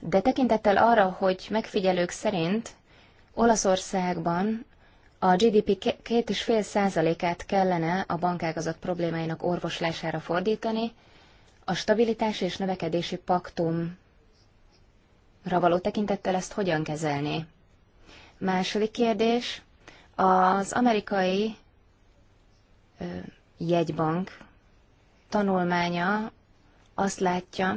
De tekintettel arra, hogy megfigyelők szerint Olaszországban a GDP két és fél százalékát kellene a bankágazat problémáinak orvoslására fordítani, a stabilitás és növekedési paktum való tekintettel ezt hogyan kezelni? Második kérdés, az amerikai ö, jegybank tanulmánya azt látja,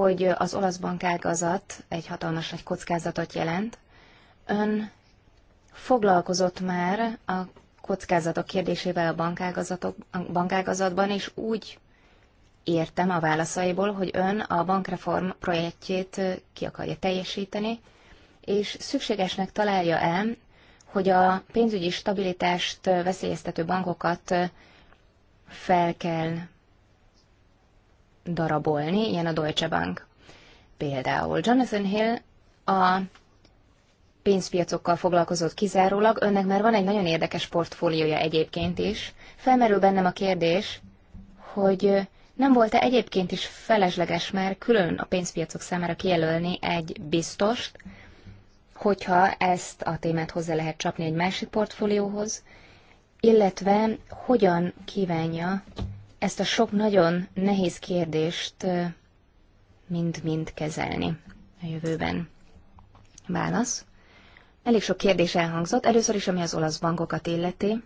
hogy az olasz bankágazat egy hatalmas nagy kockázatot jelent. Ön foglalkozott már a kockázatok kérdésével a, bankágazatok, a bankágazatban, és úgy értem a válaszaiból, hogy ön a bankreform projektjét ki akarja teljesíteni, és szükségesnek találja el, hogy a pénzügyi stabilitást veszélyeztető bankokat fel kell darabolni, ilyen a Deutsche Bank. Például Jonathan Hill a pénzpiacokkal foglalkozott kizárólag, önnek már van egy nagyon érdekes portfóliója egyébként is. Felmerül bennem a kérdés, hogy nem volt-e egyébként is felesleges már külön a pénzpiacok számára kijelölni egy biztost, hogyha ezt a témát hozzá lehet csapni egy másik portfólióhoz, illetve hogyan kívánja ezt a sok nagyon nehéz kérdést mind-mind kezelni a jövőben. Válasz. Elég sok kérdés elhangzott. Először is, ami az olasz bankokat illeti.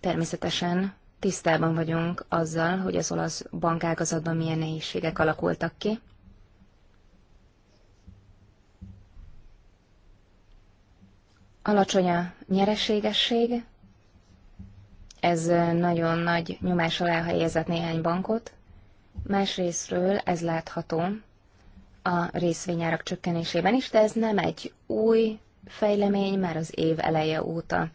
Természetesen tisztában vagyunk azzal, hogy az olasz bankágazatban milyen nehézségek alakultak ki. Alacsony a nyereségesség, ez nagyon nagy nyomás alá helyezett néhány bankot. Másrésztről ez látható a részvényárak csökkenésében is, de ez nem egy új fejlemény már az év eleje óta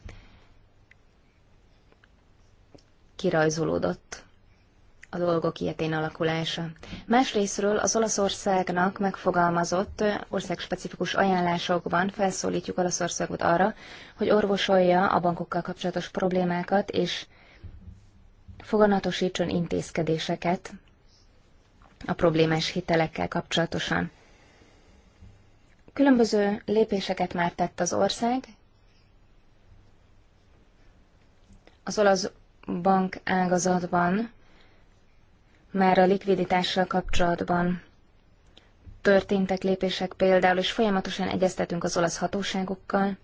kirajzolódott a dolgok ilyetén alakulása. Másrésztről az Olaszországnak megfogalmazott országspecifikus ajánlásokban felszólítjuk Olaszországot arra, hogy orvosolja a bankokkal kapcsolatos problémákat, és foganatosítson intézkedéseket a problémás hitelekkel kapcsolatosan. Különböző lépéseket már tett az ország. Az olasz bank ágazatban már a likviditással kapcsolatban történtek lépések például, és folyamatosan egyeztetünk az olasz hatóságokkal,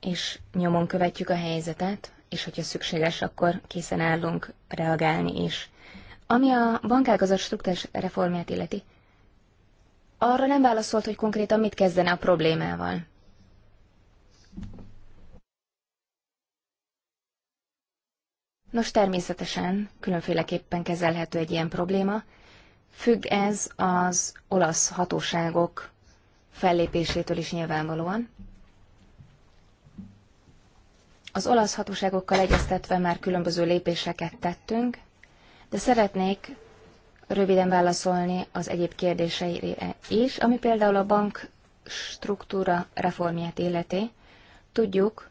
és nyomon követjük a helyzetet, és hogyha szükséges, akkor készen állunk reagálni is. Ami a bankágazat struktúrás reformját illeti, arra nem válaszolt, hogy konkrétan mit kezdene a problémával. Nos, természetesen különféleképpen kezelhető egy ilyen probléma. Függ ez az olasz hatóságok fellépésétől is nyilvánvalóan. Az olasz hatóságokkal egyeztetve már különböző lépéseket tettünk, de szeretnék röviden válaszolni az egyéb kérdéseire is, ami például a bank struktúra reformját illeti. Tudjuk,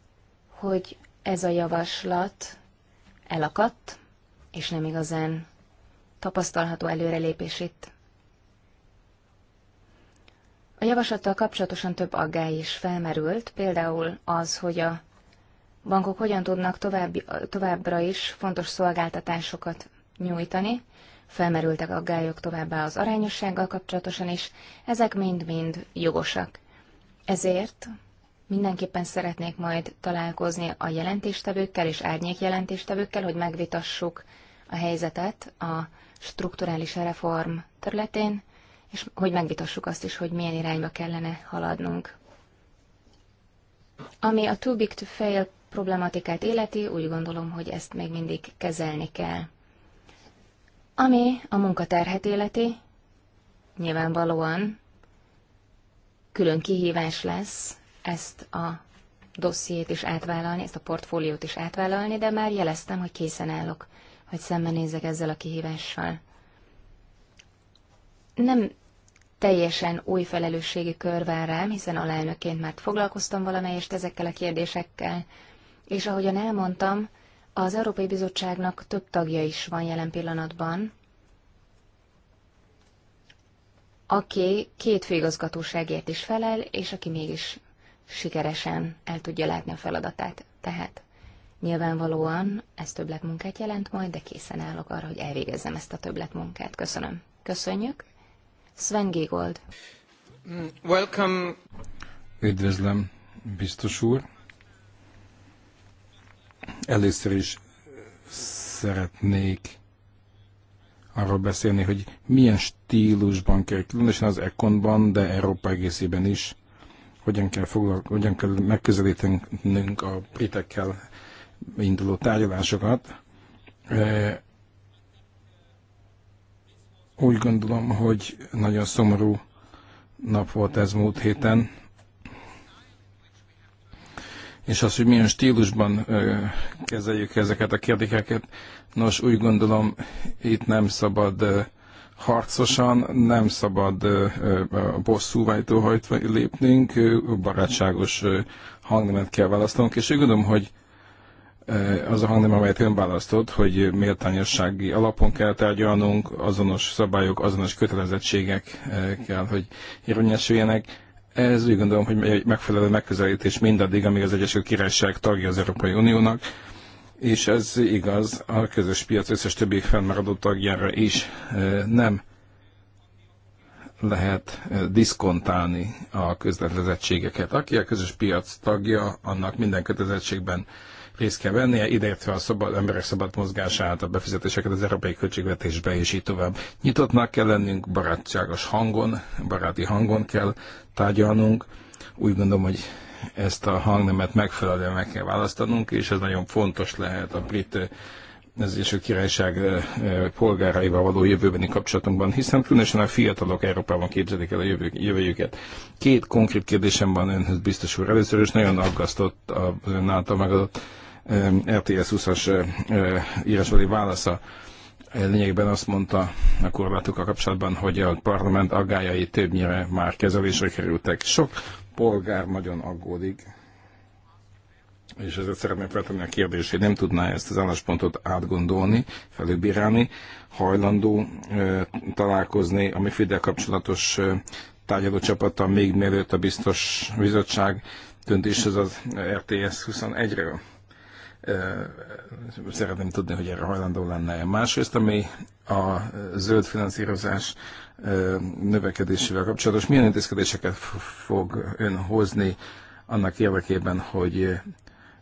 hogy ez a javaslat elakadt, és nem igazán tapasztalható előrelépés itt. A javaslattal kapcsolatosan több aggály is felmerült, például az, hogy a bankok hogyan tudnak további, továbbra is fontos szolgáltatásokat nyújtani, felmerültek aggályok továbbá az arányossággal kapcsolatosan is, ezek mind-mind jogosak. Ezért Mindenképpen szeretnék majd találkozni a jelentéstevőkkel és árnyék jelentéstevőkkel, hogy megvitassuk a helyzetet a strukturális reform területén, és hogy megvitassuk azt is, hogy milyen irányba kellene haladnunk. Ami a too big to fail problematikát életi, úgy gondolom, hogy ezt még mindig kezelni kell. Ami a munkaterhet életi, nyilvánvalóan külön kihívás lesz ezt a dossziét is átvállalni, ezt a portfóliót is átvállalni, de már jeleztem, hogy készen állok, hogy szembenézek ezzel a kihívással. Nem teljesen új felelősségi kör vár rám, hiszen alelnökként már foglalkoztam valamelyest ezekkel a kérdésekkel, és ahogyan elmondtam, az Európai Bizottságnak több tagja is van jelen pillanatban, aki két főigazgatóságért is felel, és aki mégis sikeresen el tudja látni a feladatát. Tehát nyilvánvalóan ez többletmunkát jelent majd, de készen állok arra, hogy elvégezzem ezt a többletmunkát. Köszönöm. Köszönjük. Sven Giegold. Mm, welcome. Üdvözlöm, biztos úr. Először is szeretnék arról beszélni, hogy milyen stílusban kell, különösen az Econban, de Európa egészében is hogyan kell, foglalko- hogyan kell megközelítenünk a britekkel induló tárgyalásokat. E, úgy gondolom, hogy nagyon szomorú nap volt ez múlt héten, és az, hogy milyen stílusban ö, e, kezeljük ezeket a kérdéseket. Nos, úgy gondolom, itt nem szabad ö, e, harcosan, nem szabad bosszúvájtó hajtva lépnünk, barátságos hangnemet kell választanunk, és úgy gondolom, hogy az a hangnem, amelyet ön választott, hogy méltányossági alapon kell tárgyalnunk, azonos szabályok, azonos kötelezettségek kell, hogy érvényesüljenek. Ez úgy gondolom, hogy megfelelő megközelítés mindaddig, amíg az Egyesült Királyság tagja az Európai Uniónak és ez igaz a közös piac összes többi fennmaradó tagjára is nem lehet diszkontálni a közvetlezettségeket. Aki a közös piac tagja, annak minden kötelezettségben részt kell vennie, ideértve a szabad, emberek szabad mozgását, a befizetéseket az európai költségvetésbe, és így tovább. Nyitottnak kell lennünk, barátságos hangon, baráti hangon kell tárgyalnunk. Úgy gondolom, hogy ezt a hangnemet megfelelően meg kell választanunk, és ez nagyon fontos lehet a brit is a Királyság polgáraival való jövőbeni kapcsolatunkban, hiszen különösen a fiatalok Európában képzelik el a jövő, jövőjüket. Két konkrét kérdésem van önhöz, biztos úr. Először is nagyon aggasztott az ön által megadott RTS 20-as írásbeli válasza lényegben azt mondta a korlátokkal kapcsolatban, hogy a parlament aggájai többnyire már kezelésre kerültek. Sok polgár nagyon aggódik, és ezért szeretném feltenni a kérdést, hogy nem tudná ezt az álláspontot átgondolni, felülbírálni, hajlandó ö, találkozni a mifid kapcsolatos ö, tárgyaló még mielőtt a biztos bizottság döntéshez az RTS 21-ről. Szeretném tudni, hogy erre hajlandó lenne. Másrészt, ami a zöld finanszírozás növekedésével kapcsolatos. Milyen intézkedéseket fog ön hozni annak érdekében, hogy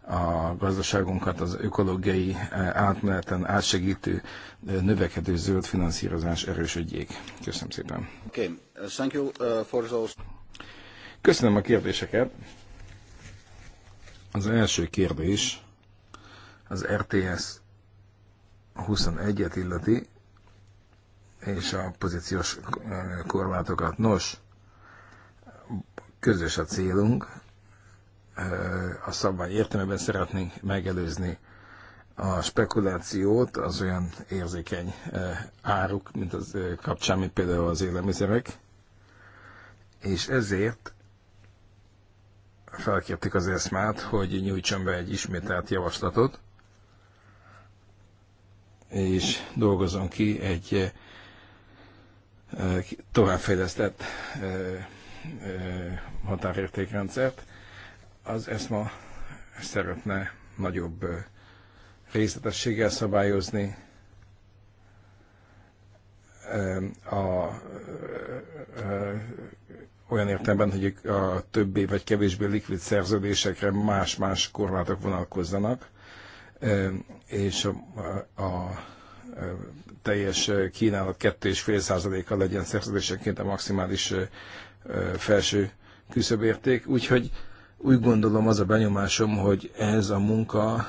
a gazdaságunkat az ökológiai átmeneten átsegítő növekedő zöld finanszírozás erősödjék. Köszönöm szépen. Okay. Uh, thank you uh, for those. Köszönöm a kérdéseket. Az első kérdés az RTS 21-et illeti és a pozíciós korlátokat. Nos, közös a célunk, a szabvány értelmében szeretnénk megelőzni a spekulációt az olyan érzékeny eh, áruk, mint az eh, kapcsán, mint például az élelmiszerek, és ezért felkérték az eszmát, hogy nyújtson be egy ismételt javaslatot, és dolgozzon ki egy eh, továbbfejlesztett határértékrendszert. Az ma szeretne nagyobb részletességgel szabályozni a, a, a, olyan értelemben, hogy a többé vagy kevésbé likvid szerződésekre más-más korlátok vonalkozzanak, és a, a teljes kínálat 2,5%-a legyen szerződésenként a maximális felső küszöbérték. Úgyhogy úgy gondolom az a benyomásom, hogy ez a munka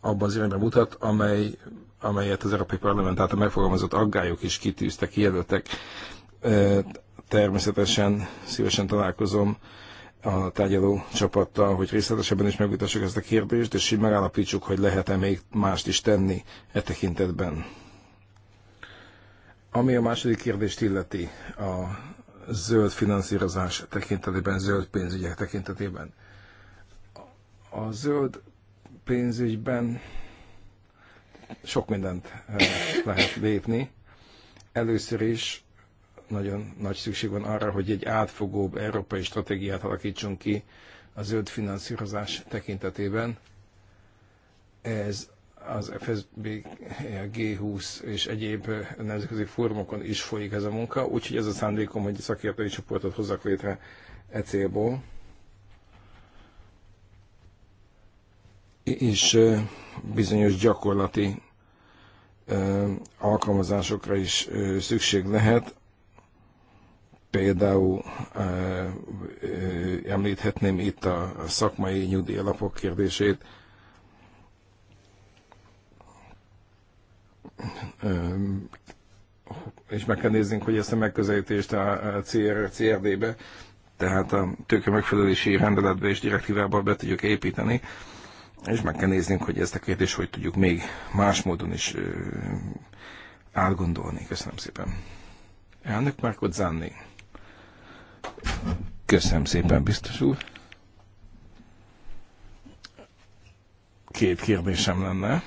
abban az irányban mutat, amely, amelyet az Európai Parlament által megfogalmazott aggályok is kitűztek, kijelöltek. Természetesen szívesen találkozom a tárgyaló csapattal, hogy részletesebben is megvitassuk ezt a kérdést, és így megállapítsuk, hogy lehet-e még mást is tenni e tekintetben. Ami a második kérdést illeti, a zöld finanszírozás tekintetében, zöld pénzügyek tekintetében. A zöld pénzügyben sok mindent eh, lehet lépni. Először is nagyon nagy szükség van arra, hogy egy átfogóbb európai stratégiát alakítsunk ki a zöld finanszírozás tekintetében. Ez az FSB, a G20 és egyéb nemzetközi fórumokon is folyik ez a munka, úgyhogy ez a szándékom, hogy szakértői csoportot hozzak létre e célból. És bizonyos gyakorlati alkalmazásokra is szükség lehet, Például e, e, említhetném itt a szakmai nyugdíjalapok kérdését, e, és meg kell néznünk, hogy ezt a megközelítést a CR, CRD-be, tehát a tőke megfelelési rendeletbe és direktívába be tudjuk építeni, és meg kell néznünk, hogy ezt a kérdést hogy tudjuk még más módon is átgondolni. Köszönöm szépen. Elnök Márkot Zanni. Köszönöm szépen, biztos úr. Két kérdésem lenne.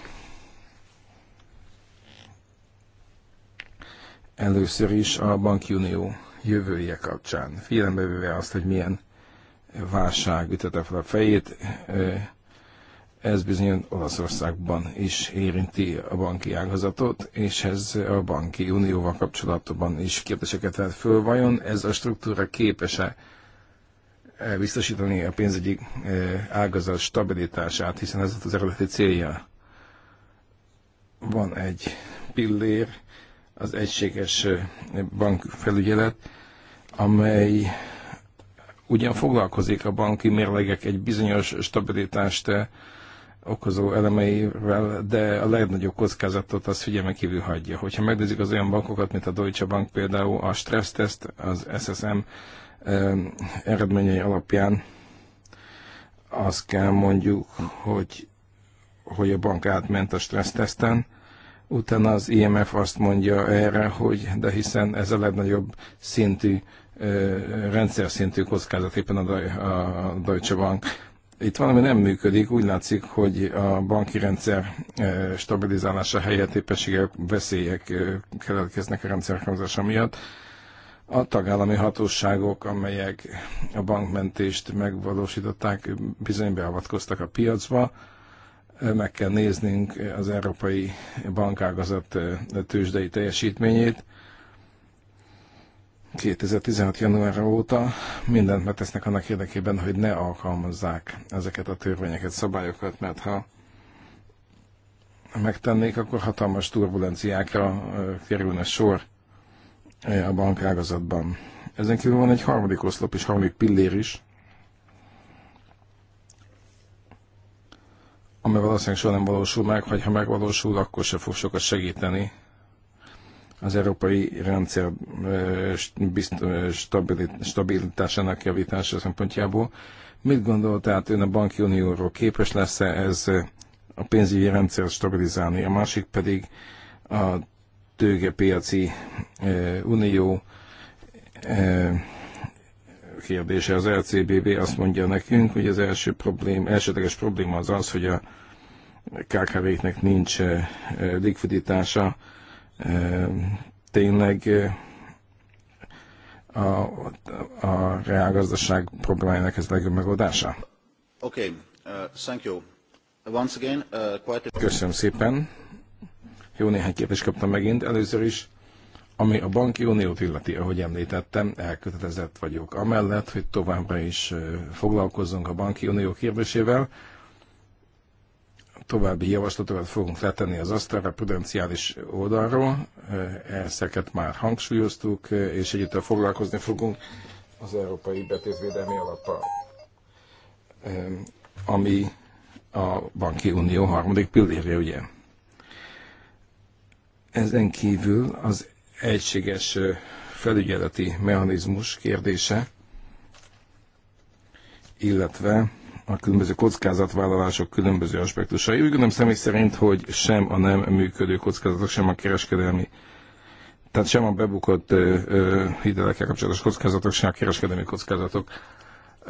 Először is a bankunió jövője kapcsán. Figyelembe véve azt, hogy milyen válság ütötte fel a fejét, ez bizony Olaszországban is érinti a banki ágazatot, és ez a banki unióval kapcsolatban is kérdéseket vett föl. Vajon ez a struktúra képes-e eh, biztosítani a pénzügyi eh, ágazat stabilitását, hiszen ez az eredeti célja. Van egy pillér, az egységes eh, bankfelügyelet, amely ugyan foglalkozik a banki mérlegek egy bizonyos stabilitást okozó elemeivel, de a legnagyobb kockázatot az figyelme kívül hagyja. Hogyha megnézzük az olyan bankokat, mint a Deutsche Bank például, a stresszteszt az SSM eredményei alapján azt kell mondjuk, hogy, hogy a bank átment a stressztesten, utána az IMF azt mondja erre, hogy de hiszen ez a legnagyobb szintű, rendszer szintű kockázat éppen a Deutsche Bank itt valami nem működik, úgy látszik, hogy a banki rendszer eh, stabilizálása helyett éppességek, veszélyek eh, keletkeznek a rendszerhangzása miatt. A tagállami hatóságok, amelyek a bankmentést megvalósították, bizony beavatkoztak a piacba. Eh, meg kell néznünk az európai bankágazat tőzsdei teljesítményét 2016. január óta mindent megtesznek annak érdekében, hogy ne alkalmazzák ezeket a törvényeket, szabályokat, mert ha megtennék, akkor hatalmas turbulenciákra kerülne sor a bankágazatban. Ezen kívül van egy harmadik oszlop és harmadik pillér is, amely valószínűleg soha nem valósul meg, vagy ha megvalósul, akkor se fog sokat segíteni az európai rendszer stabilitásának javítása szempontjából. Mit gondol, tehát ön a banki unióról képes lesz-e ez a pénzügyi rendszer stabilizálni, a másik pedig a tőkepiaci unió kérdése. Az LCBB azt mondja nekünk, hogy az első problém, elsődleges probléma az az, hogy a KKV-knek nincs likviditása, tényleg a, a reálgazdaság problémájának ez legjobb megoldása? Okay. Uh, thank you. Once again, uh, quite a... Köszönöm szépen. Jó néhány képes kaptam megint. Először is, ami a banki uniót illeti, ahogy említettem, elkötelezett vagyok amellett, hogy továbbra is foglalkozzunk a banki unió kérdésével további javaslatokat fogunk letenni az asztalra prudenciális oldalról, e, ezeket már hangsúlyoztuk, e, és együtt foglalkozni fogunk az Európai Betétvédelmi Alappal, e, ami a Banki Unió harmadik pillérje, ugye. Ezen kívül az egységes felügyeleti mechanizmus kérdése, illetve a különböző kockázatvállalások különböző aspektusai. Úgy gondolom személy szerint, hogy sem a nem működő kockázatok, sem a kereskedelmi, tehát sem a bebukott hitelekkel kapcsolatos kockázatok, sem a kereskedelmi kockázatok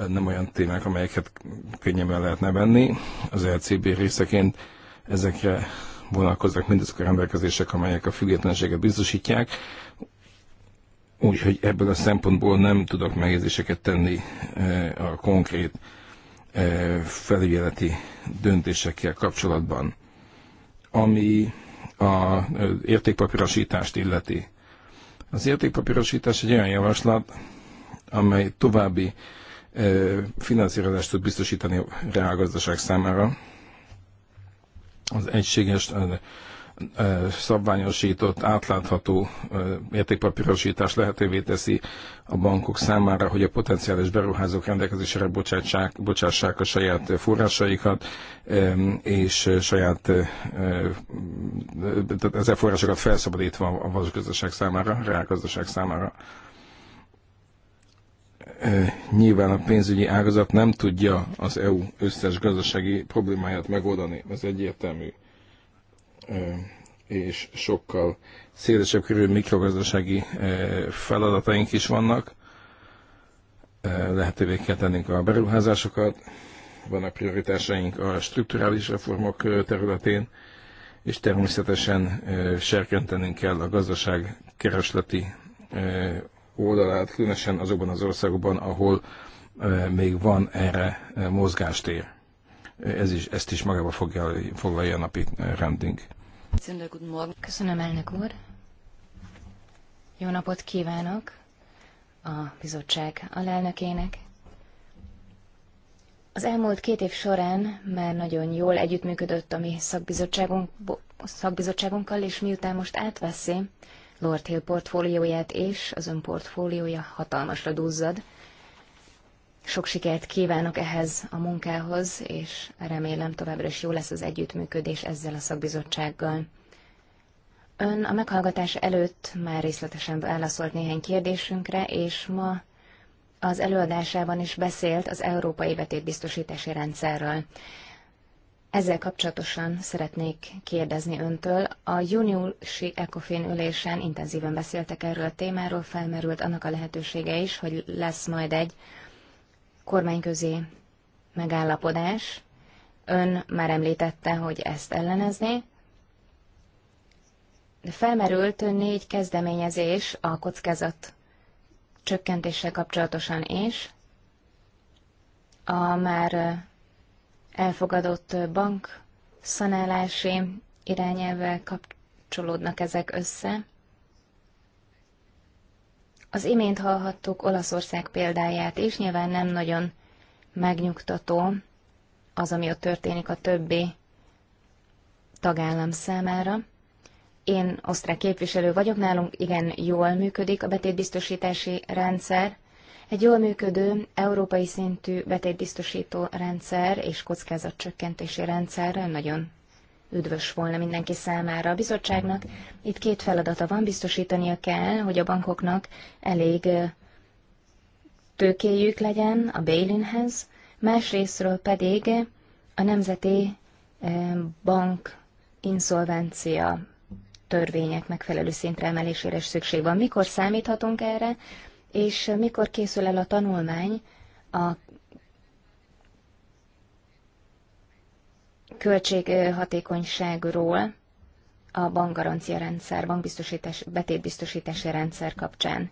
nem olyan témák, amelyeket könnyebben lehetne venni. Az LCB e részeként ezekre vonalkoznak mindazok a rendelkezések, amelyek a függetlenséget biztosítják, úgyhogy ebből a szempontból nem tudok megjegyzéseket tenni a konkrét felügyeleti döntésekkel kapcsolatban. Ami a értékpapírosítást illeti. Az értékpapírosítás egy olyan javaslat, amely további finanszírozást tud biztosítani a reálgazdaság számára. Az egységes szabványosított, átlátható értékpapírosítás lehetővé teszi a bankok számára, hogy a potenciális beruházók rendelkezésre bocsássák, bocsássák a saját forrásaikat, és saját tehát forrásokat felszabadítva a vasgazdaság számára, a reálgazdaság számára nyilván a pénzügyi ágazat nem tudja az EU összes gazdasági problémáját megoldani, ez egyértelmű és sokkal szélesebb körű mikrogazdasági feladataink is vannak. Lehetővé kell tennünk a beruházásokat, vannak prioritásaink a strukturális reformok területén, és természetesen serkentenünk kell a gazdaság keresleti oldalát, különösen azokban az országokban, ahol még van erre mozgástér. Ez is, ezt is magába foglalja a napi rendünk. Köszönöm, elnök úr. Jó napot kívánok a bizottság alelnökének. Az elmúlt két év során már nagyon jól együttműködött a mi szakbizottságunk, szakbizottságunkkal, és miután most átveszi Lord Hill portfólióját és az ön portfóliója hatalmasra duzzad, sok sikert kívánok ehhez a munkához, és remélem továbbra is jó lesz az együttműködés ezzel a szakbizottsággal. Ön a meghallgatás előtt már részletesen válaszolt néhány kérdésünkre, és ma az előadásában is beszélt az Európai Betétbiztosítási Rendszerről. Ezzel kapcsolatosan szeretnék kérdezni öntől. A júniusi ECOFIN ülésen intenzíven beszéltek erről a témáról, felmerült annak a lehetősége is, hogy lesz majd egy kormányközi megállapodás. Ön már említette, hogy ezt ellenezné. De felmerült négy kezdeményezés a kockázat csökkentéssel kapcsolatosan és a már elfogadott bank szanálási irányelvvel kapcsolódnak ezek össze. Az imént hallhattuk Olaszország példáját, és nyilván nem nagyon megnyugtató az, ami ott történik a többi tagállam számára. Én osztrák képviselő vagyok, nálunk igen jól működik a betétbiztosítási rendszer. Egy jól működő, európai szintű betétbiztosító rendszer és kockázatcsökkentési rendszer nagyon üdvös volna mindenki számára. A bizottságnak itt két feladata van, biztosítania kell, hogy a bankoknak elég tőkéjük legyen a bailinhez, másrésztről pedig a Nemzeti Bank inszolvencia törvények megfelelő szintre emelésére is szükség van. Mikor számíthatunk erre, és mikor készül el a tanulmány a költséghatékonyságról a bankgarancia rendszer, bankbiztosítás, betétbiztosítási rendszer kapcsán.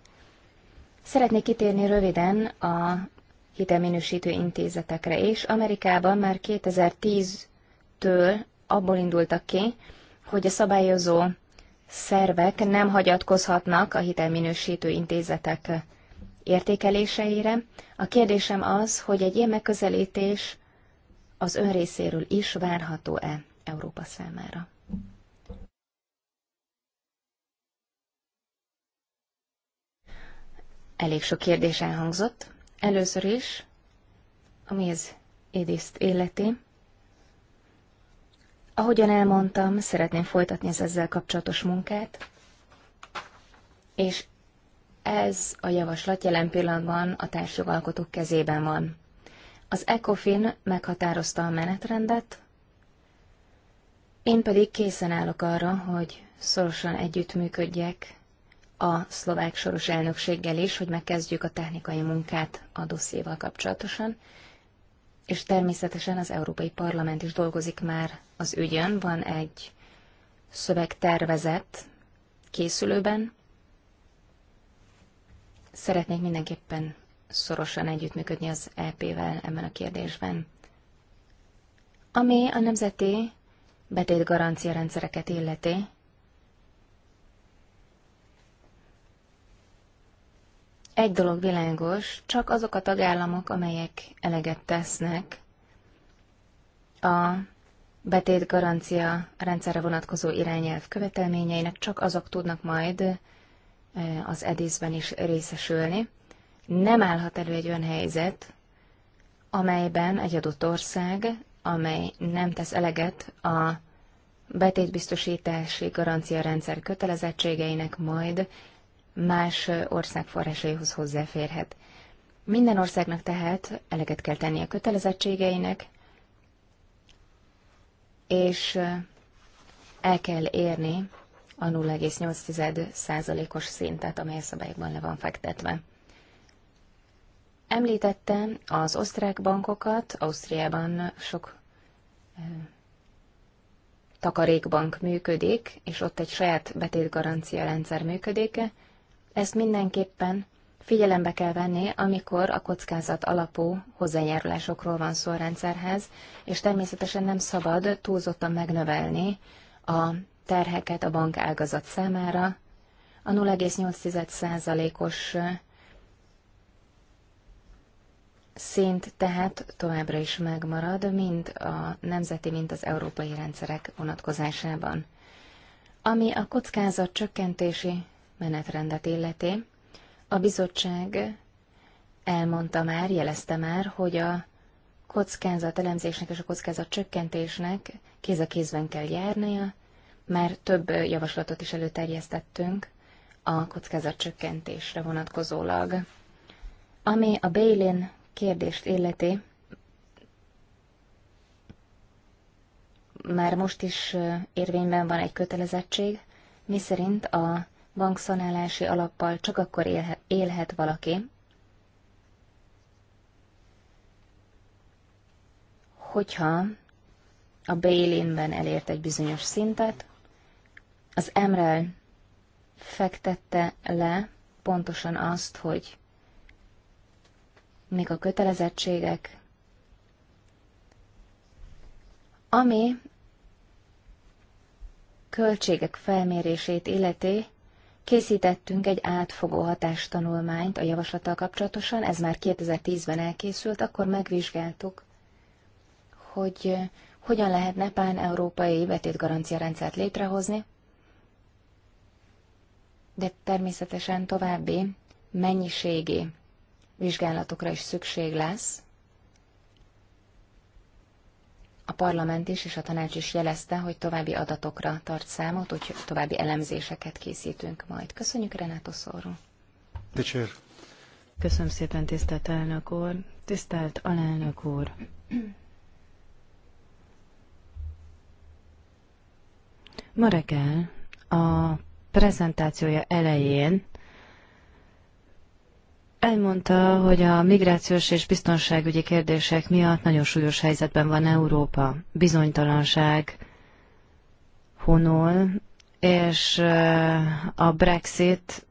Szeretnék kitérni röviden a hitelminősítő intézetekre, és Amerikában már 2010-től abból indultak ki, hogy a szabályozó szervek nem hagyatkozhatnak a hitelminősítő intézetek értékeléseire. A kérdésem az, hogy egy ilyen megközelítés az ön részéről is várható-e Európa számára? Elég sok kérdés elhangzott. Először is, ami ez édészt életé. Ahogyan elmondtam, szeretném folytatni az ezzel kapcsolatos munkát, és ez a javaslat jelen pillanatban a társjogalkotók kezében van. Az ECOFIN meghatározta a menetrendet, én pedig készen állok arra, hogy szorosan együttműködjek a szlovák soros elnökséggel is, hogy megkezdjük a technikai munkát a dossziéval kapcsolatosan, és természetesen az Európai Parlament is dolgozik már az ügyön, van egy szövegtervezet készülőben. Szeretnék mindenképpen szorosan együttműködni az EP-vel ebben a kérdésben. Ami a nemzeti betét garancia rendszereket illeti, egy dolog világos, csak azok a tagállamok, amelyek eleget tesznek a betét garancia rendszerre vonatkozó irányelv követelményeinek, csak azok tudnak majd eh, az edis is részesülni nem állhat elő egy olyan helyzet, amelyben egy adott ország, amely nem tesz eleget a betétbiztosítási garancia rendszer kötelezettségeinek, majd más ország forrásaihoz hozzáférhet. Minden országnak tehát eleget kell tenni a kötelezettségeinek, és el kell érni a 0,8%-os szintet, amely a szabályokban le van fektetve. Említette az osztrák bankokat, Ausztriában sok takarékbank működik, és ott egy saját betétgarancia rendszer működik. Ezt mindenképpen figyelembe kell venni, amikor a kockázat alapú hozzájárulásokról van szó a rendszerhez, és természetesen nem szabad túlzottan megnövelni a terheket a bank ágazat számára. A 0,8%-os szint tehát továbbra is megmarad, mind a nemzeti, mind az európai rendszerek vonatkozásában. Ami a kockázat csökkentési menetrendet illeti, a bizottság elmondta már, jelezte már, hogy a kockázat elemzésnek és a kockázat csökkentésnek kéz a kézben kell járnia, már több javaslatot is előterjesztettünk a kockázat csökkentésre vonatkozólag. Ami a bail kérdést illeti, már most is érvényben van egy kötelezettség, miszerint a bankszanálási alappal csak akkor élhet, valaki, hogyha a bail elért egy bizonyos szintet, az Emrel fektette le pontosan azt, hogy még a kötelezettségek, ami költségek felmérését illeti, készítettünk egy átfogó hatástanulmányt a javaslattal kapcsolatosan, ez már 2010-ben elkészült, akkor megvizsgáltuk, hogy hogyan lehetne pán-európai betétgarancia rendszert létrehozni, de természetesen további mennyiségi vizsgálatokra is szükség lesz. A parlament is és a tanács is jelezte, hogy további adatokra tart számot, hogy további elemzéseket készítünk majd. Köszönjük, Renato Szóró. Dicsőr. Köszönöm szépen, tisztelt elnök úr. Tisztelt alelnök úr. Ma reggel a prezentációja elején Elmondta, hogy a migrációs és biztonságügyi kérdések miatt nagyon súlyos helyzetben van Európa. Bizonytalanság honol, és eh, a Brexit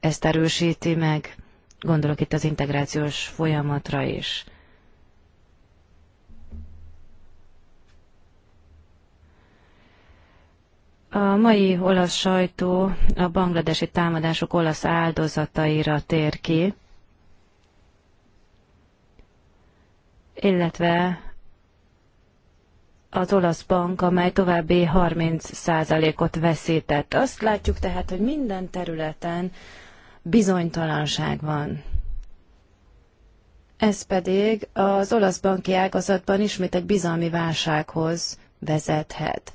ezt erősíti meg. Gondolok itt az integrációs folyamatra is. A mai olasz sajtó a bangladesi támadások olasz áldozataira tér ki. illetve az olasz bank, amely további 30%-ot veszített. Azt látjuk tehát, hogy minden területen bizonytalanság van. Ez pedig az olasz banki ágazatban ismét egy bizalmi válsághoz vezethet.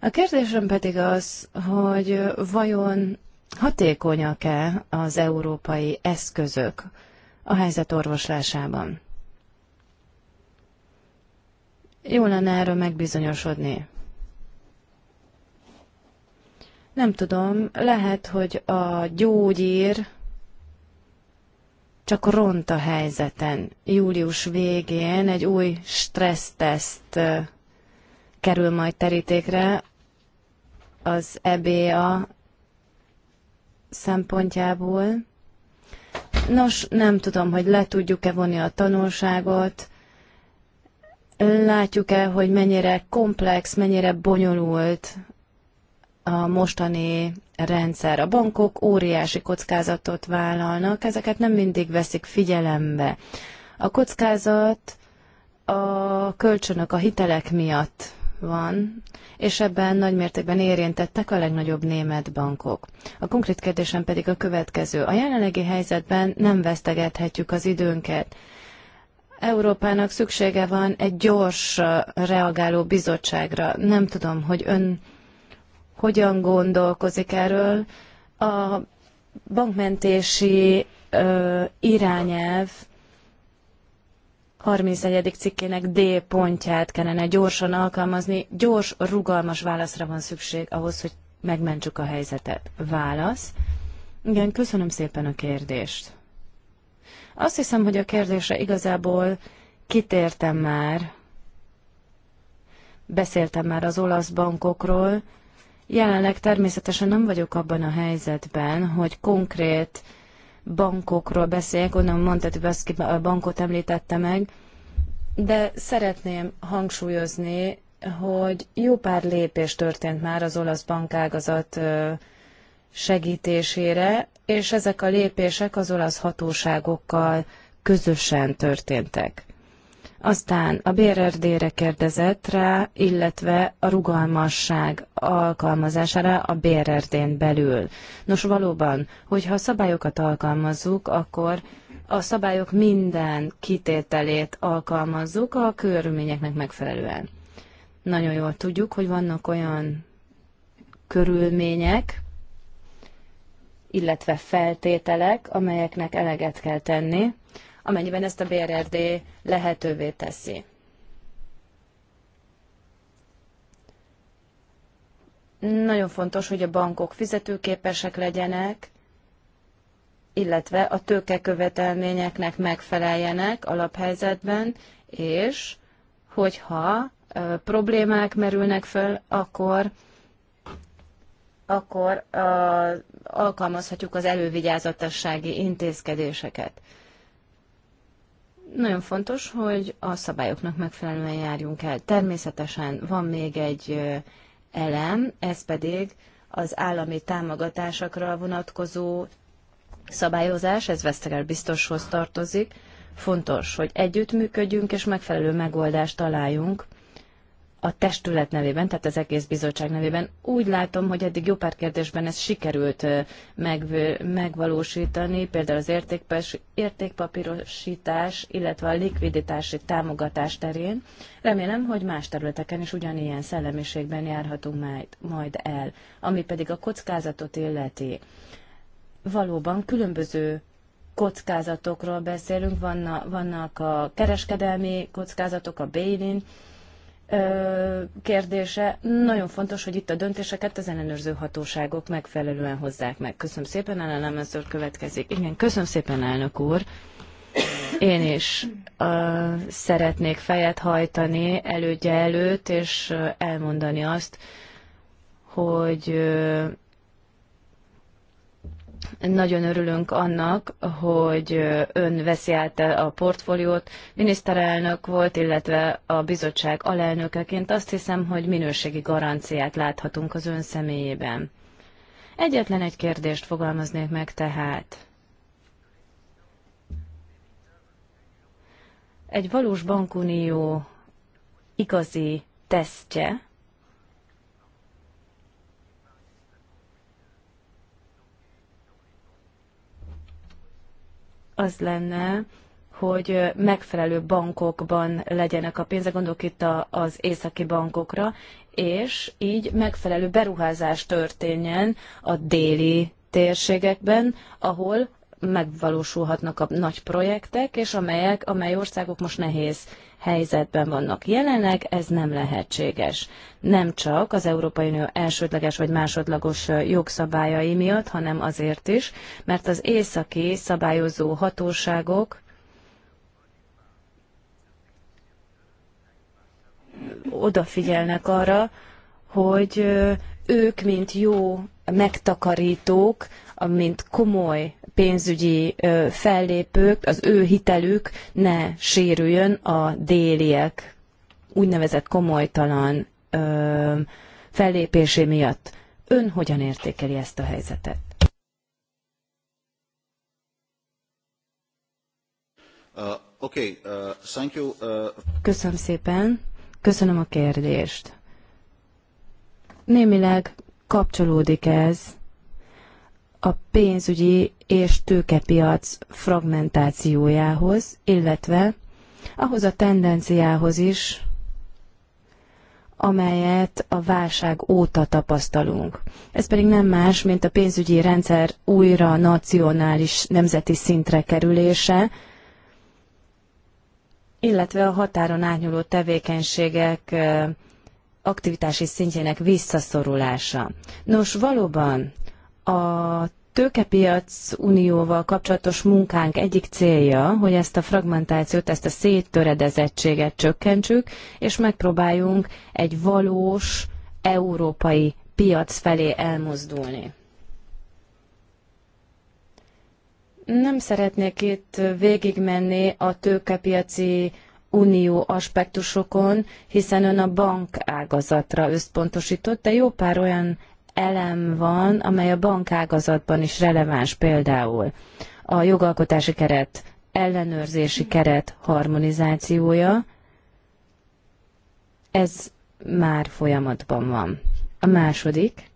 A kérdésem pedig az, hogy vajon hatékonyak-e az európai eszközök a helyzet orvoslásában? Jó lenne erről megbizonyosodni. Nem tudom, lehet, hogy a gyógyír csak ront a helyzeten. Július végén egy új stresszteszt kerül majd terítékre az EBA szempontjából. Nos, nem tudom, hogy le tudjuk-e vonni a tanulságot, Látjuk-e, hogy mennyire komplex, mennyire bonyolult a mostani rendszer. A bankok óriási kockázatot vállalnak, ezeket nem mindig veszik figyelembe. A kockázat a kölcsönök, a hitelek miatt van, és ebben nagy mértékben érintettek a legnagyobb német bankok. A konkrét kérdésem pedig a következő. A jelenlegi helyzetben nem vesztegethetjük az időnket. Európának szüksége van egy gyors reagáló bizottságra. Nem tudom, hogy ön hogyan gondolkozik erről. A bankmentési ö, irányelv 31. cikkének D pontját kellene gyorsan alkalmazni. Gyors, rugalmas válaszra van szükség ahhoz, hogy megmentsük a helyzetet. Válasz. Igen, köszönöm szépen a kérdést. Azt hiszem, hogy a kérdésre igazából kitértem már. Beszéltem már az olasz bankokról. Jelenleg természetesen nem vagyok abban a helyzetben, hogy konkrét bankokról beszéljek, onnan Monteti Baszki bankot említette meg, de szeretném hangsúlyozni, hogy jó pár lépés történt már az olasz bankágazat segítésére, és ezek a lépések az olasz hatóságokkal közösen történtek. Aztán a BRRD-re kérdezett rá, illetve a rugalmasság alkalmazására a BRRD-n belül. Nos, valóban, hogyha a szabályokat alkalmazzuk, akkor a szabályok minden kitételét alkalmazzuk a körülményeknek megfelelően. Nagyon jól tudjuk, hogy vannak olyan körülmények, illetve feltételek, amelyeknek eleget kell tenni, amennyiben ezt a BRRD lehetővé teszi. Nagyon fontos, hogy a bankok fizetőképesek legyenek, illetve a tőkekövetelményeknek megfeleljenek alaphelyzetben, és hogyha problémák merülnek föl, akkor, akkor a alkalmazhatjuk az elővigyázatossági intézkedéseket. Nagyon fontos, hogy a szabályoknak megfelelően járjunk el. Természetesen van még egy elem, ez pedig az állami támogatásokra vonatkozó szabályozás, ez Veszterel biztoshoz tartozik. Fontos, hogy együttműködjünk és megfelelő megoldást találjunk a testület nevében, tehát az egész bizottság nevében. Úgy látom, hogy eddig jó pár kérdésben ez sikerült meg, megvalósítani, például az értékpapírosítás, illetve a likviditási támogatás terén. Remélem, hogy más területeken is ugyanilyen szellemiségben járhatunk majd, majd el, ami pedig a kockázatot illeti. Valóban különböző kockázatokról beszélünk, vannak, vannak a kereskedelmi kockázatok, a bail kérdése. Nagyon fontos, hogy itt a döntéseket az ellenőrző hatóságok megfelelően hozzák meg. Köszönöm szépen, ellenemezőr következik. Igen, köszönöm szépen, elnök úr. Én is uh, szeretnék fejet hajtani elődje előtt, és uh, elmondani azt, hogy uh, nagyon örülünk annak, hogy ön veszi át a portfóliót. Miniszterelnök volt, illetve a bizottság alelnökeként azt hiszem, hogy minőségi garanciát láthatunk az ön személyében. Egyetlen egy kérdést fogalmaznék meg tehát. Egy valós bankunió igazi tesztje az lenne, hogy megfelelő bankokban legyenek a pénzek, gondolok itt a, az északi bankokra, és így megfelelő beruházás történjen a déli térségekben, ahol megvalósulhatnak a nagy projektek, és amelyek, amely országok most nehéz helyzetben vannak. Jelenleg ez nem lehetséges. Nem csak az Európai Unió elsődleges vagy másodlagos jogszabályai miatt, hanem azért is, mert az északi szabályozó hatóságok odafigyelnek arra, hogy ők, mint jó megtakarítók, mint komoly pénzügyi fellépők, az ő hitelük ne sérüljön a déliek úgynevezett komolytalan fellépésé miatt. Ön hogyan értékeli ezt a helyzetet? Uh, okay, uh, thank you, uh... Köszönöm szépen, köszönöm a kérdést. Némileg kapcsolódik ez a pénzügyi és tőkepiac fragmentációjához, illetve ahhoz a tendenciához is, amelyet a válság óta tapasztalunk. Ez pedig nem más, mint a pénzügyi rendszer újra nacionális nemzeti szintre kerülése, illetve a határon átnyúló tevékenységek aktivitási szintjének visszaszorulása. Nos, valóban a tőkepiac unióval kapcsolatos munkánk egyik célja, hogy ezt a fragmentációt, ezt a széttöredezettséget csökkentsük, és megpróbáljunk egy valós európai piac felé elmozdulni. Nem szeretnék itt végigmenni a tőkepiaci unió aspektusokon, hiszen ön a bank ágazatra összpontosított, de jó pár olyan elem van, amely a bankágazatban is releváns például. A jogalkotási keret, ellenőrzési keret harmonizációja, ez már folyamatban van. A második,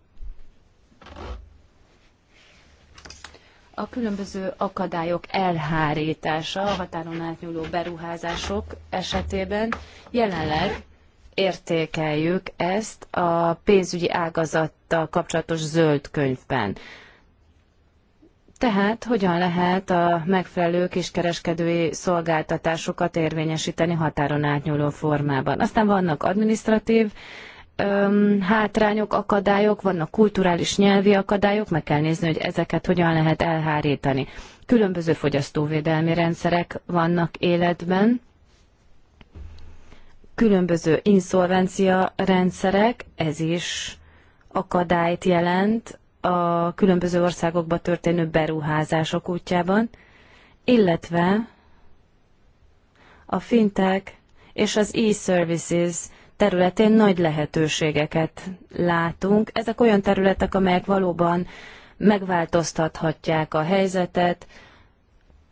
a különböző akadályok elhárítása a határon átnyúló beruházások esetében jelenleg értékeljük ezt a pénzügyi ágazattal kapcsolatos zöld könyvben. Tehát hogyan lehet a megfelelő kiskereskedői szolgáltatásokat érvényesíteni határon átnyúló formában. Aztán vannak administratív öm, hátrányok, akadályok, vannak kulturális nyelvi akadályok, meg kell nézni, hogy ezeket hogyan lehet elhárítani. Különböző fogyasztóvédelmi rendszerek vannak életben, különböző inszolvencia rendszerek, ez is akadályt jelent a különböző országokba történő beruházások útjában, illetve a fintech és az e-services területén nagy lehetőségeket látunk. Ezek olyan területek, amelyek valóban megváltoztathatják a helyzetet,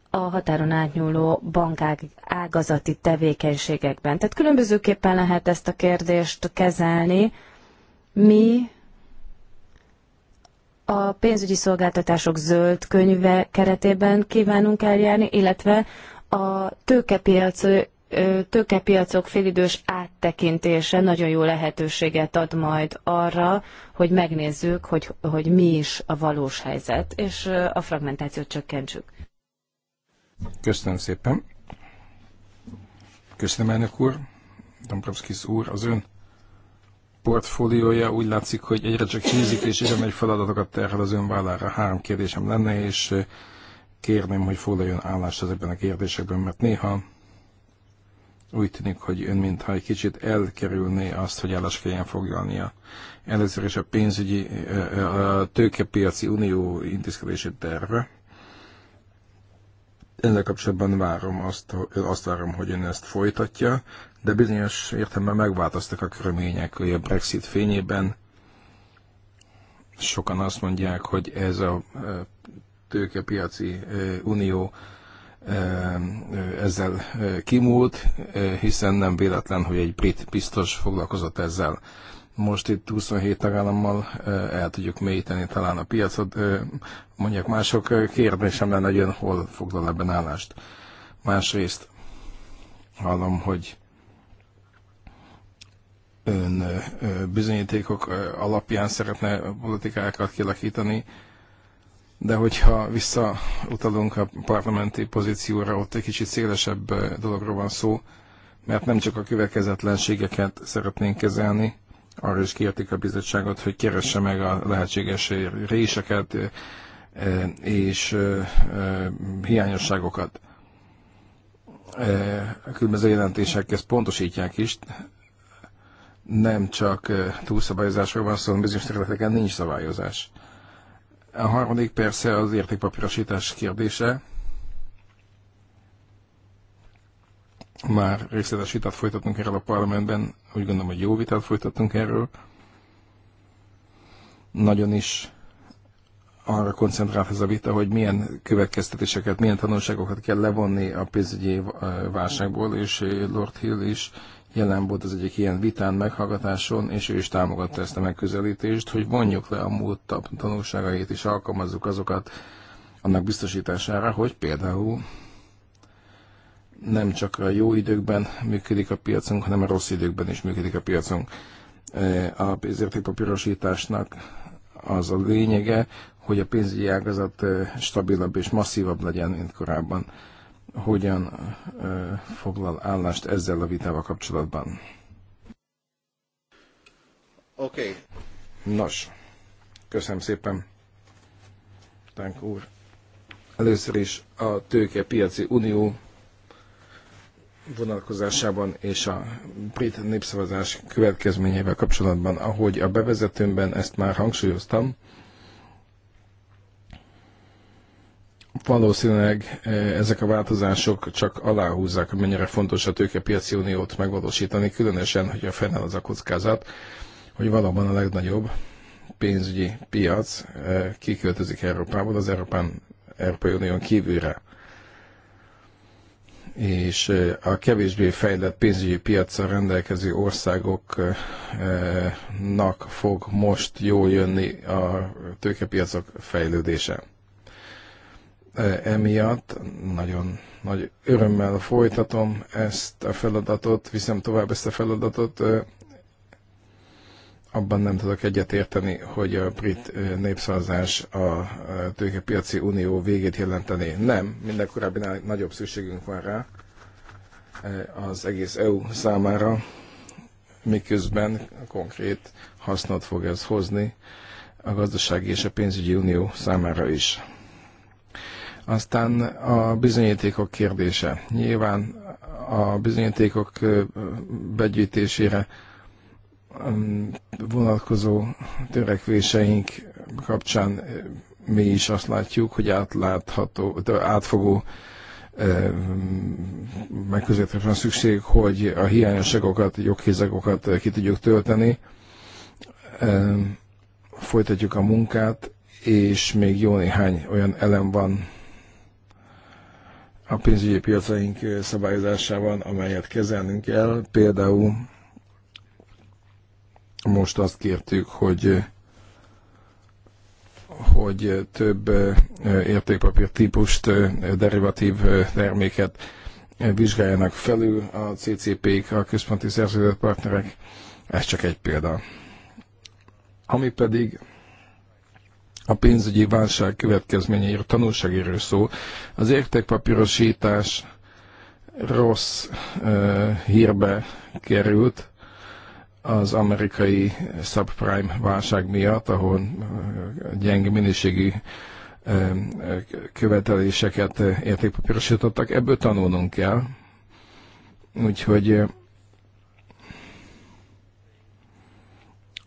a határon átnyúló bankák ágazati tevékenységekben. Tehát különbözőképpen lehet ezt a kérdést kezelni. Mi a pénzügyi szolgáltatások zöld könyve keretében kívánunk eljárni, illetve a tőkepiac, tőkepiacok félidős áttekintése nagyon jó lehetőséget ad majd arra, hogy megnézzük, hogy, hogy mi is a valós helyzet, és a fragmentációt csökkentsük. Köszönöm szépen. Köszönöm, elnök úr. Dombrovskis úr, az ön portfóliója úgy látszik, hogy egyre csak hízik, és egyre nagy feladatokat terhel az ön vállára. Három kérdésem lenne, és eh, kérném, hogy foglaljon állást ezekben a kérdésekben, mert néha úgy tűnik, hogy ön mintha egy kicsit elkerülné azt, hogy állást kelljen foglalnia. Először is a pénzügyi, eh, eh, a tőkepiaci unió intézkedési terve ezzel kapcsolatban várom azt, azt várom, hogy ön ezt folytatja, de bizonyos értelemben megváltoztak a körülmények hogy a Brexit fényében. Sokan azt mondják, hogy ez a e, tőkepiaci e, unió e, ezzel kimúlt, hiszen nem véletlen, hogy egy brit biztos foglalkozott ezzel most itt 27 tagállammal el tudjuk mélyíteni talán a piacot. Mondják mások, kérdésem lenne, hogy ön hol foglal ebben állást. Másrészt hallom, hogy ön bizonyítékok alapján szeretne politikákat kilakítani, de hogyha visszautalunk a parlamenti pozícióra, ott egy kicsit szélesebb dologról van szó, mert nem csak a következetlenségeket szeretnénk kezelni, arra is kérték a bizottságot, hogy keresse meg a lehetséges réseket eh, és eh, eh, hiányosságokat. A különböző jelentések ezt pontosítják is, nem csak túlszabályozásról van szó, szóval bizonyos területeken nincs szabályozás. A harmadik persze az értékpapírosítás kérdése. Már részletes vitát folytatunk erről a parlamentben, úgy gondolom, hogy jó vitát folytatunk erről. Nagyon is arra koncentrál ez a vita, hogy milyen következtetéseket, milyen tanulságokat kell levonni a pénzügyi eh, válságból, és Lord Hill is jelen volt az egyik ilyen vitán, meghallgatáson, és ő is támogatta ezt a megközelítést, hogy vonjuk le a múlt tanulságait, és alkalmazzuk azokat annak biztosítására, hogy például nem csak a jó időkben működik a piacunk, hanem a rossz időkben is működik a piacunk. E, a pénzértékpapírosításnak az a lényege, hogy a pénzügyi ágazat e, stabilabb és masszívabb legyen, mint korábban. Hogyan e, foglal állást ezzel a vitával kapcsolatban? Oké. Okay. Nos, köszönöm szépen, Tánk úr. Először is a tőkepiaci unió vonalkozásában és a brit népszavazás következményével kapcsolatban, ahogy a bevezetőmben ezt már hangsúlyoztam, valószínűleg e, ezek a változások csak aláhúzzák, mennyire fontos a tőkepiaci uniót megvalósítani, különösen, a fennáll az a kockázat, hogy valóban a legnagyobb pénzügyi piac e, kiköltözik Európából az Európán, Európai Unión kívülre és a kevésbé fejlett pénzügyi piacra rendelkező országoknak fog most jól jönni a tőkepiacok fejlődése. Emiatt nagyon nagy örömmel folytatom ezt a feladatot, viszem tovább ezt a feladatot abban nem tudok egyetérteni, hogy a brit népszavazás a tőkepiaci unió végét jelenteni. Nem, minden korábbinál nagyobb szükségünk van rá az egész EU számára, miközben konkrét hasznot fog ez hozni a gazdasági és a pénzügyi unió számára is. Aztán a bizonyítékok kérdése. Nyilván a bizonyítékok begyűjtésére vonatkozó törekvéseink kapcsán eh, mi is azt látjuk, hogy átlátható, átfogó eh, megközelítésre van szükség, hogy a hiányosságokat, joghézagokat eh, ki tudjuk tölteni. Folytatjuk a munkát, és még jó néhány olyan elem van a pénzügyi piacaink szabályozásában, amelyet kezelnünk kell, például most azt kértük, hogy hogy több eh, értékpapír típust, eh, derivatív eh, terméket vizsgáljanak felül a CCP-k, a központi szerződött partnerek. Ez csak egy példa. Ami pedig a pénzügyi válság következményeiről, tanulságéről szó, az értékpapírosítás rossz uh, hírbe került, az amerikai subprime válság miatt, ahol eh, gyenge minőségű eh, követeléseket eh, értékpapírosítottak. Ebből tanulnunk kell. Úgyhogy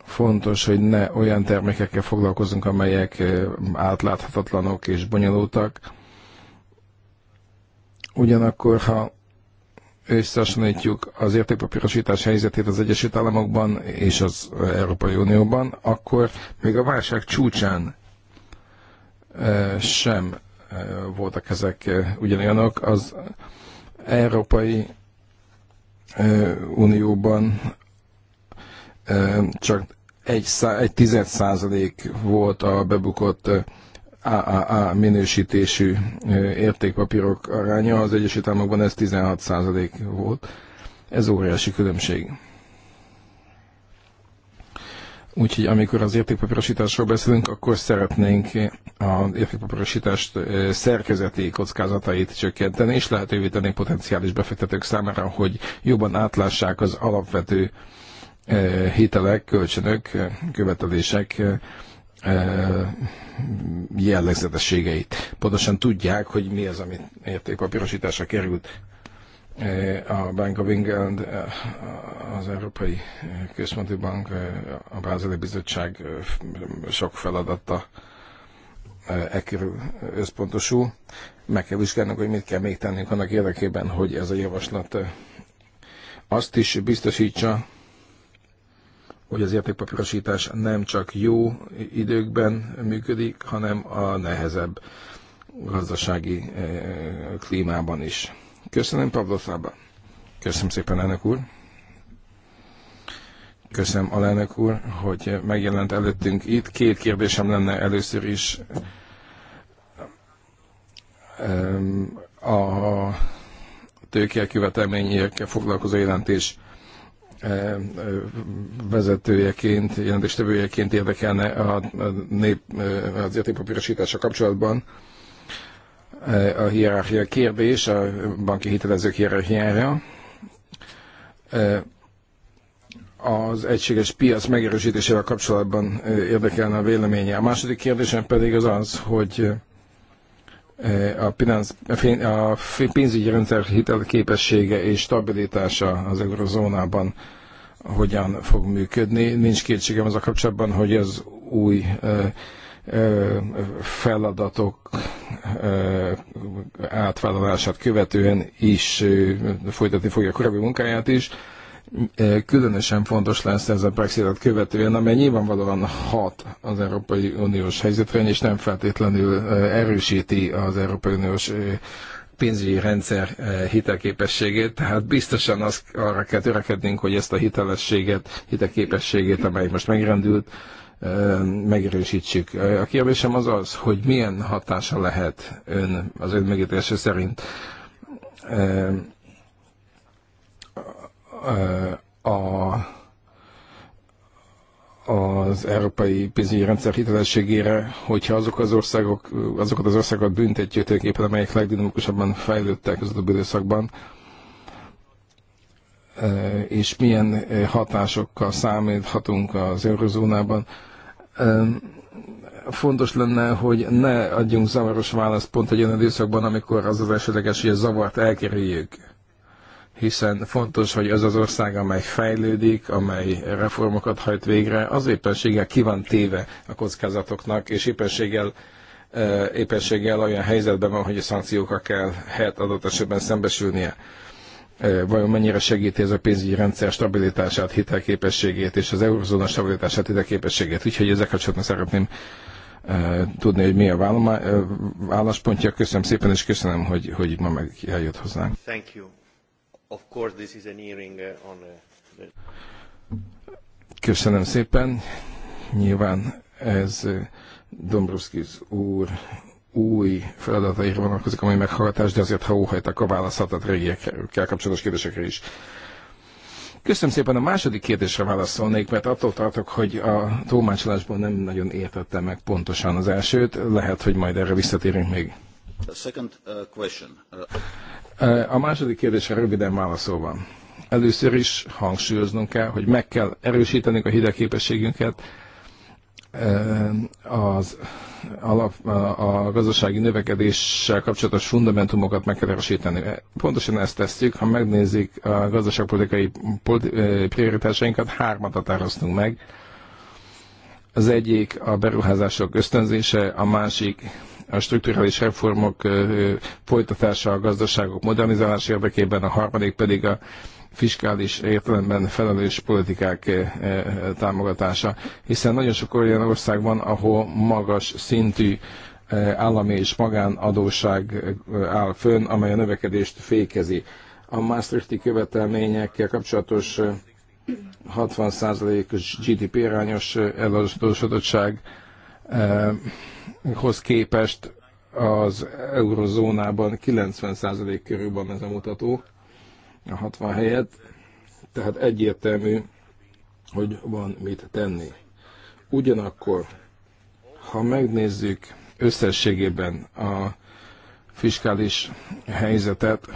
fontos, hogy ne olyan termékekkel foglalkozunk, amelyek átláthatatlanok és bonyolultak. Ugyanakkor, ha összehasonlítjuk az értékpapírosítás helyzetét az Egyesült Államokban és az Európai Unióban, akkor még a válság csúcsán sem voltak ezek ugyanolyanok. Az Európai Unióban csak egy, egy tized százalék volt a bebukott AAA minősítésű értékpapírok aránya, az Egyesült Államokban ez 16 volt. Ez óriási különbség. Úgyhogy amikor az értékpapírosításról beszélünk, akkor szeretnénk az értékpapírosítást szerkezeti kockázatait csökkenteni, és lehetővé tenni potenciális befektetők számára, hogy jobban átlássák az alapvető hitelek, kölcsönök, követelések jellegzetességeit. Pontosan tudják, hogy mi az, amit értékpapírosításra került a Bank of England, az Európai Központi Bank, a Bázeli Bizottság sok feladata e körül összpontosul. Meg kell vizsgálnunk, hogy mit kell még tennünk annak érdekében, hogy ez a javaslat azt is biztosítsa, hogy az értékpapírosítás nem csak jó időkben működik, hanem a nehezebb gazdasági eh, klímában is. Köszönöm, Pablo Szába. Köszönöm szépen, elnök úr. Köszönöm, alelnök úr, hogy megjelent előttünk itt. Két kérdésem lenne először is. A tőke foglalkozó jelentés vezetőjeként, jelentéstevőjeként érdekelne a nép, az értékpapírosítása kapcsolatban a hierarchia kérdés, a banki hitelezők hierarchiája. Az egységes piac megerősítésével kapcsolatban érdekelne a véleménye. A második kérdésem pedig az az, hogy a, pénz, a pénzügyi rendszer hitelképessége és stabilitása az eurozónában hogyan fog működni. Nincs kétségem az a kapcsolatban, hogy az új feladatok átvállalását követően is folytatni fogja a korábbi munkáját is különösen fontos lesz ez a Brexit-et követően, amely nyilvánvalóan hat az Európai Uniós helyzetre, és nem feltétlenül erősíti az Európai Uniós pénzügyi rendszer hitelképességét, tehát biztosan az, arra kell törekednünk, hogy ezt a hitelességet, hitelképességét, amely most megrendült, megerősítsük. A kérdésem az az, hogy milyen hatása lehet ön, az ön megítélése szerint a, az európai pénzügyi rendszer hitelességére, hogyha azok az országok, azokat az országokat büntetjük tulajdonképpen, amelyek legdinamikusabban fejlődtek az utóbbi időszakban, e, és milyen e, hatásokkal számíthatunk az eurozónában. E, fontos lenne, hogy ne adjunk zavaros választ pont egy olyan időszakban, amikor az az esetleges, hogy a zavart elkerüljük hiszen fontos, hogy az az ország, amely fejlődik, amely reformokat hajt végre, az éppenséggel ki van téve a kockázatoknak, és éppenséggel éppenséggel olyan helyzetben van, hogy a szankciókkal kell helyet adott esetben szembesülnie. Vajon mennyire segíti ez a pénzügyi rendszer stabilitását, hitelképességét és az eurozóna stabilitását, hitelképességét. Úgyhogy ezeket kapcsolatban szeretném tudni, hogy mi a válaszpontja. Köszönöm szépen, és köszönöm, hogy, hogy ma meg eljött hozzánk. Thank you. Of course this is an uh, on uh, the... Köszönöm szépen. Nyilván ez uh, Dombrovskis úr új feladataira vonatkozik, mai meghallgatás, de azért, ha óhajtak a válaszhatat régiekkel kapcsolatos kérdésekre is. Köszönöm szépen, a második kérdésre válaszolnék, mert attól tartok, hogy a tolmácsolásból nem nagyon értettem meg pontosan az elsőt, lehet, hogy majd erre visszatérünk még. A második kérdésre röviden válaszolva. Először is hangsúlyoznunk kell, hogy meg kell erősítenünk a hidegképességünket, az alap, a gazdasági növekedéssel kapcsolatos fundamentumokat meg kell erősíteni. Pontosan ezt tesszük, ha megnézik a gazdaságpolitikai prioritásainkat, hármat határoztunk meg. Az egyik a beruházások ösztönzése, a másik a strukturális reformok folytatása a gazdaságok modernizálás érdekében, a harmadik pedig a fiskális értelemben felelős politikák támogatása, hiszen nagyon sok olyan ország van, ahol magas szintű állami és magánadóság áll fönn, amely a növekedést fékezi. A Maastrichti követelményekkel kapcsolatos 60%-os GDP arányos eladósodottság hoz képest az eurozónában 90% körül van ez a mutató, a 60 helyet, tehát egyértelmű, hogy van mit tenni. Ugyanakkor, ha megnézzük összességében a fiskális helyzetet,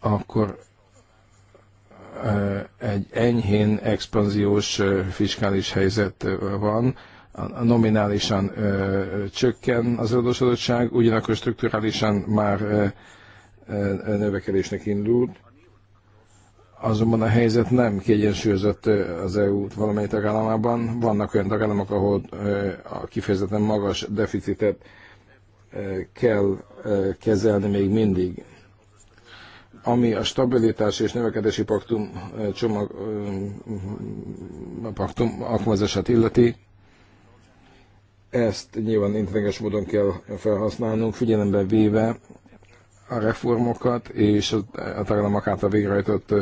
akkor eh, egy enyhén expanziós eh, fiskális helyzet eh, van, Nominálisan csökken az adósodottság, ugyanakkor strukturálisan már növekedésnek indult azonban a helyzet nem kiegyensúlyozott az EU valamelyik tagállamában. Vannak olyan tagállamok, ahol a kifejezetten magas deficitet kell kezelni még mindig. Ami a stabilitás és növekedési paktum csomag paktum alkalmazását illeti, ezt nyilván intelligens módon kell felhasználnunk, figyelembe véve a reformokat és a tagállamok által végrehajtott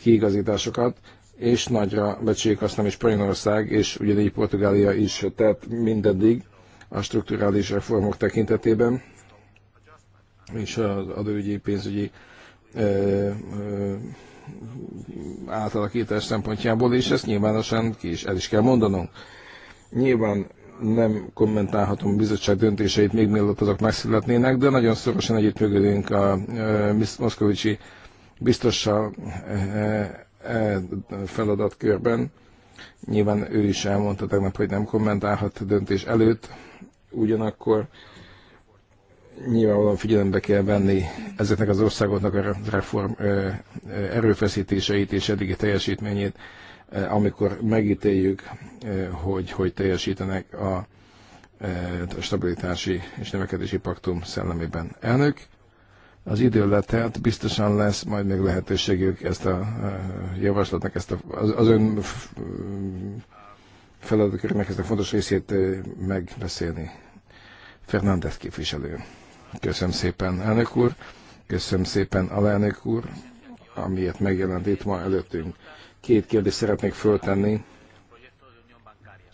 kiigazításokat, és nagyra becsüljük azt nem is Spanyolország, és ugyanígy Portugália is tett mindeddig a strukturális reformok tekintetében, és az adóügyi, pénzügyi ö, ö, átalakítás szempontjából, és ezt nyilvánosan ki is el is kell mondanunk. Nyilván nem kommentálhatom bizottság döntéseit, még mielőtt azok megszületnének, de nagyon szorosan együttműködünk a e, Moszkovicsi biztossal e, e, feladatkörben. Nyilván ő is elmondta tegnap, hogy nem kommentálhat döntés előtt, ugyanakkor nyilvánvalóan figyelembe kell venni ezeknek az országoknak a reform erőfeszítéseit és eddigi teljesítményét. Eh, amikor megítéljük, eh, hogy hogy teljesítenek eh, a stabilitási és növekedési paktum szellemében. Elnök, az idő letelt, biztosan lesz majd még lehetőségük ezt a javaslatnak, ezt a, az, az ön feladatkörnek ezt a fontos részét megbeszélni. Fernández képviselő. Köszönöm szépen, elnök úr. Köszönöm szépen, alelnök úr, amiért megjelent itt ma előttünk. Két kérdést szeretnék föltenni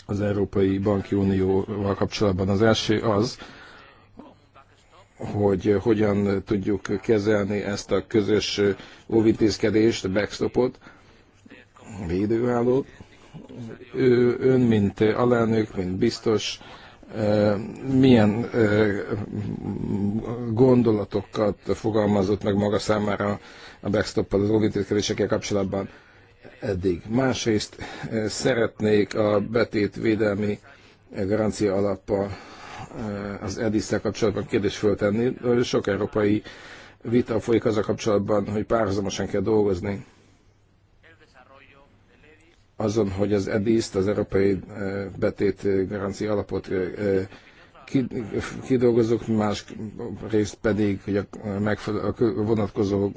az Európai Banki Unióval kapcsolatban. Az első az, hogy hogyan tudjuk kezelni ezt a közös óvintézkedést, backstopot, védőállót. Ő, ön, mint alelnök, mint biztos, e, milyen e, gondolatokat fogalmazott meg maga számára a backstop az óvintézkedésekkel kapcsolatban? eddig. Másrészt eh, szeretnék a betét védelmi garancia alappa eh, az edis kapcsolatban kérdést föltenni. Sok európai vita folyik az a kapcsolatban, hogy párhuzamosan kell dolgozni azon, hogy az EDIS-t, az Európai eh, Betét Garancia Alapot kidolgozok, más részt pedig, hogy a, megfelel, a vonatkozó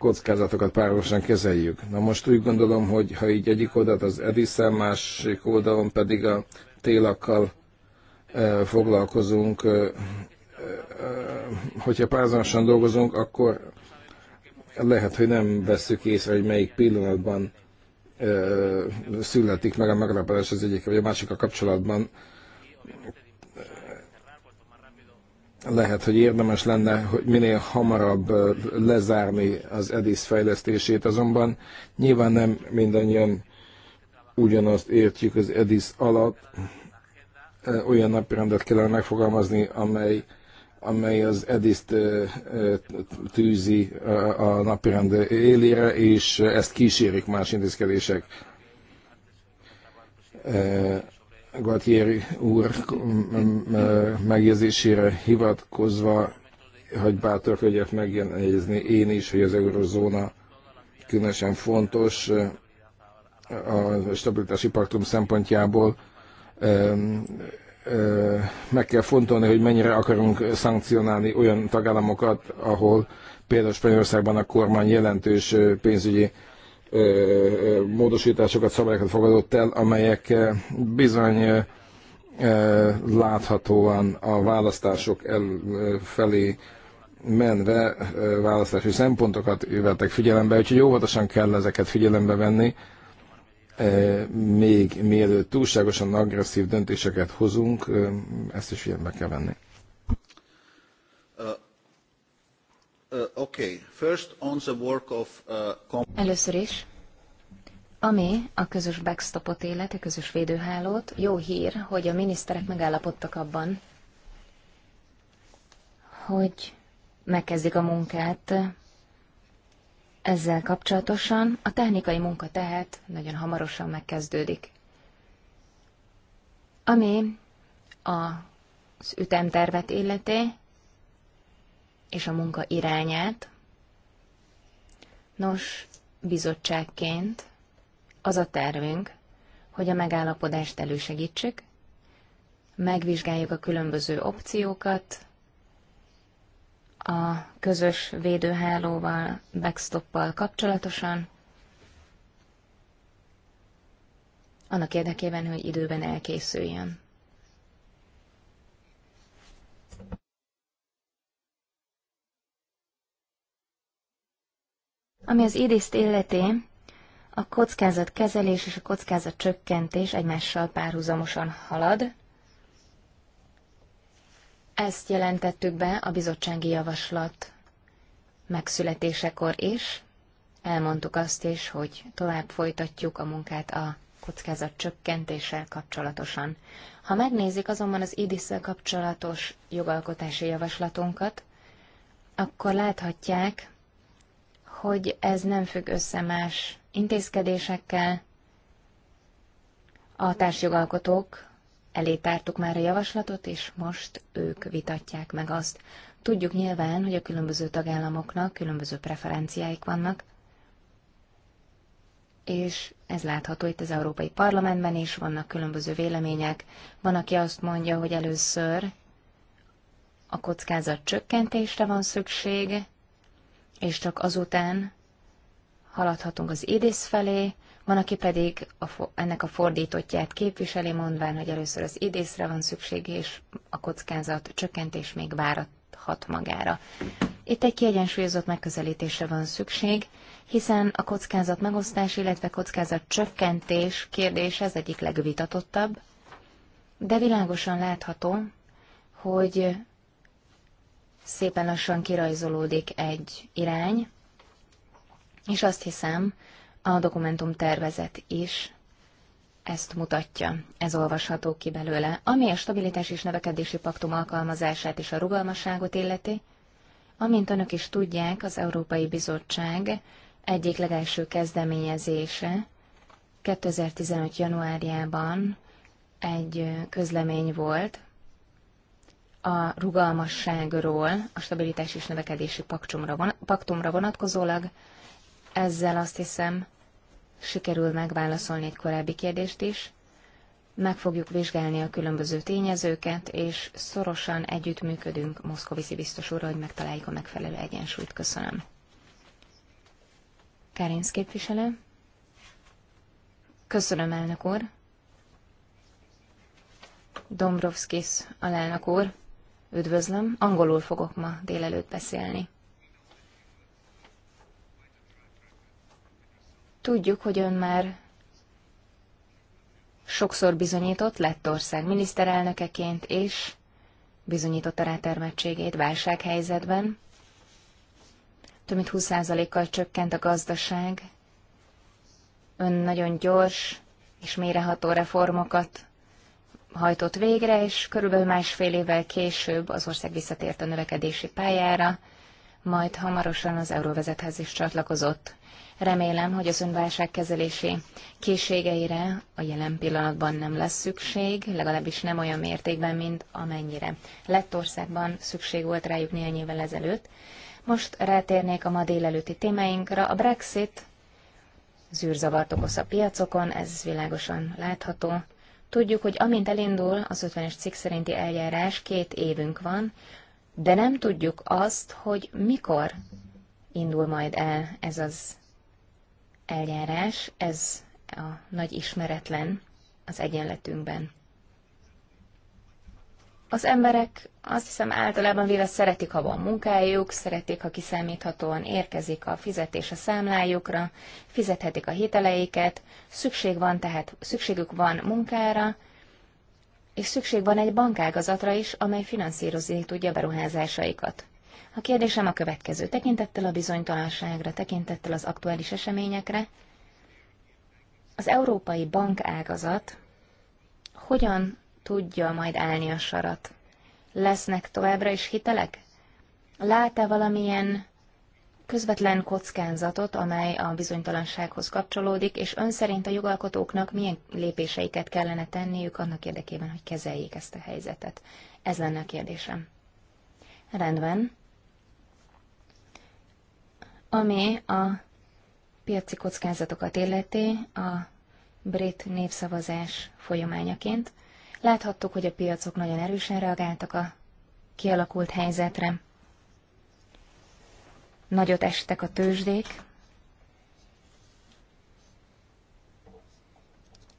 kockázatokat párosan kezeljük. Na most úgy gondolom, hogy ha így egyik oldalt az Edison, másik oldalon pedig a télakkal e, foglalkozunk, e, e, hogyha párhuzamosan dolgozunk, akkor lehet, hogy nem veszük észre, hogy melyik pillanatban e, születik meg a megállapodás az egyik vagy a másik a kapcsolatban lehet, hogy érdemes lenne, hogy minél hamarabb lezárni az EDIS fejlesztését, azonban nyilván nem mindannyian ugyanazt értjük az EDIS alatt. Olyan napirendet kellene megfogalmazni, amely, amely az EDIS-t tűzi a napirend élére, és ezt kísérik más intézkedések Gatieri úr mm, mm, mm, megjegyzésére hivatkozva, hogy bátor, bátorkodjak megjegyezni én is, hogy az eurozóna különösen fontos eh, a stabilitási paktum szempontjából. Eh, meg kell fontolni, hogy mennyire akarunk szankcionálni olyan tagállamokat, ahol például Spanyolországban a kormány jelentős eh, pénzügyi módosításokat, szabályokat fogadott el, amelyek bizony láthatóan a választások el, felé menve választási szempontokat vettek figyelembe, úgyhogy óvatosan kell ezeket figyelembe venni, még mielőtt túlságosan agresszív döntéseket hozunk, ezt is figyelembe kell venni. Uh, okay. First on the work of, uh, Először is, ami a közös backstopot illeti, közös védőhálót, jó hír, hogy a miniszterek megállapodtak abban, hogy megkezdik a munkát ezzel kapcsolatosan. A technikai munka tehát nagyon hamarosan megkezdődik. Ami az ütemtervet illeti, és a munka irányát. Nos, bizottságként az a tervünk, hogy a megállapodást elősegítsük, megvizsgáljuk a különböző opciókat, a közös védőhálóval, backstoppal kapcsolatosan, annak érdekében, hogy időben elkészüljön. Ami az idiszt illeti, a kezelés és a csökkentés egymással párhuzamosan halad. Ezt jelentettük be a bizottsági javaslat megszületésekor is. Elmondtuk azt is, hogy tovább folytatjuk a munkát a kockázat csökkentéssel kapcsolatosan. Ha megnézik azonban az idis kapcsolatos jogalkotási javaslatunkat, akkor láthatják, hogy ez nem függ össze más intézkedésekkel. A társjogalkotók elé tártuk már a javaslatot, és most ők vitatják meg azt. Tudjuk nyilván, hogy a különböző tagállamoknak különböző preferenciáik vannak, és ez látható itt az Európai Parlamentben is, vannak különböző vélemények. Van, aki azt mondja, hogy először a kockázat csökkentésre van szükség, és csak azután haladhatunk az idész felé, van, aki pedig a, ennek a fordítottját képviseli, mondván, hogy először az idészre van szükség, és a kockázat csökkentés még várhat magára. Itt egy kiegyensúlyozott megközelítésre van szükség, hiszen a kockázat megosztás, illetve kockázat csökkentés kérdése az egyik legvitatottabb, de világosan látható, hogy szépen lassan kirajzolódik egy irány, és azt hiszem, a dokumentum tervezet is ezt mutatja, ez olvasható ki belőle. Ami a stabilitás és növekedési paktum alkalmazását és a rugalmasságot illeti, amint önök is tudják, az Európai Bizottság egyik legelső kezdeményezése 2015. januárjában egy közlemény volt, a rugalmasságról a stabilitás és növekedési paktumra vonatkozólag. Ezzel azt hiszem, sikerül megválaszolni egy korábbi kérdést is. Meg fogjuk vizsgálni a különböző tényezőket, és szorosan együttműködünk Moszkoviszi biztos úr, hogy megtaláljuk a megfelelő egyensúlyt. Köszönöm. Kárinsz képviselő. Köszönöm, elnök úr. Dombrovskis alelnök úr. Üdvözlöm, angolul fogok ma délelőtt beszélni. Tudjuk, hogy ön már sokszor bizonyított Lettország miniszterelnökeként és bizonyította rá termettségét válsághelyzetben. Több mint 20%-kal csökkent a gazdaság. Ön nagyon gyors és méreható reformokat hajtott végre, és körülbelül másfél évvel később az ország visszatért a növekedési pályára, majd hamarosan az euróvezethez is csatlakozott. Remélem, hogy az kezelési készségeire a jelen pillanatban nem lesz szükség, legalábbis nem olyan mértékben, mint amennyire Lettországban szükség volt rájuk néhány évvel ezelőtt. Most rátérnék a ma délelőtti témáinkra. A Brexit zűrzavart okoz a piacokon, ez világosan látható. Tudjuk, hogy amint elindul az 50-es cikk szerinti eljárás, két évünk van, de nem tudjuk azt, hogy mikor indul majd el ez az eljárás, ez a nagy ismeretlen az egyenletünkben. Az emberek azt hiszem általában véve szeretik, ha van munkájuk, szeretik, ha kiszámíthatóan érkezik a fizetés a számlájukra, fizethetik a hiteleiket, szükség van tehát, szükségük van munkára, és szükség van egy bankágazatra is, amely finanszírozni tudja beruházásaikat. A kérdésem a következő. Tekintettel a bizonytalanságra, tekintettel az aktuális eseményekre, az európai bankágazat hogyan tudja majd állni a sarat. Lesznek továbbra is hitelek? Lát-e valamilyen közvetlen kockázatot, amely a bizonytalansághoz kapcsolódik, és ön szerint a jogalkotóknak milyen lépéseiket kellene tenniük annak érdekében, hogy kezeljék ezt a helyzetet? Ez lenne a kérdésem. Rendben. Ami a piaci kockázatokat illeti a brit népszavazás folyamányaként, Láthattuk, hogy a piacok nagyon erősen reagáltak a kialakult helyzetre. Nagyot estek a tőzsdék,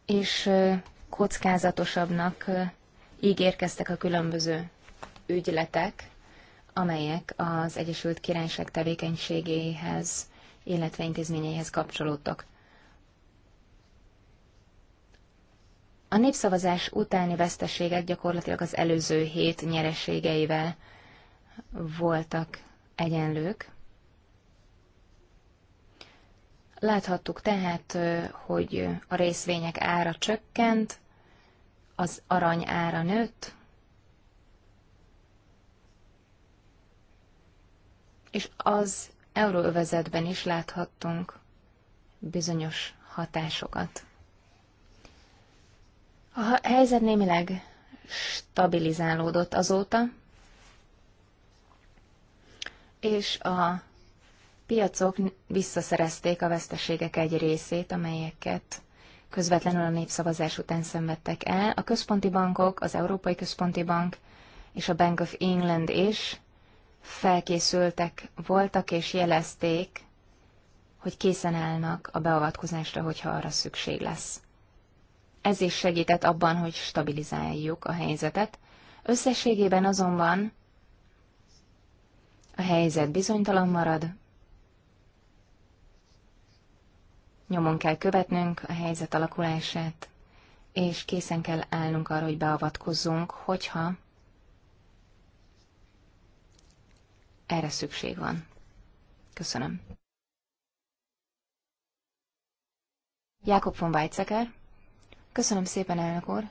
és kockázatosabbnak ígérkeztek a különböző ügyletek, amelyek az Egyesült Királyság tevékenységéhez, illetve intézményeihez kapcsolódtak. a népszavazás utáni veszteségek gyakorlatilag az előző hét nyereségeivel voltak egyenlők. Láthattuk tehát, hogy a részvények ára csökkent, az arany ára nőtt, és az euróövezetben is láthattunk bizonyos hatásokat. A helyzet némileg stabilizálódott azóta, és a piacok visszaszerezték a veszteségek egy részét, amelyeket közvetlenül a népszavazás után szenvedtek el. A központi bankok, az Európai Központi Bank és a Bank of England is felkészültek voltak és jelezték, hogy készen állnak a beavatkozásra, hogyha arra szükség lesz. Ez is segített abban, hogy stabilizáljuk a helyzetet. Összességében azonban a helyzet bizonytalan marad, nyomon kell követnünk a helyzet alakulását, és készen kell állnunk arra, hogy beavatkozzunk, hogyha erre szükség van. Köszönöm. Jakob von Weizsäcker Köszönöm szépen, elnök úr.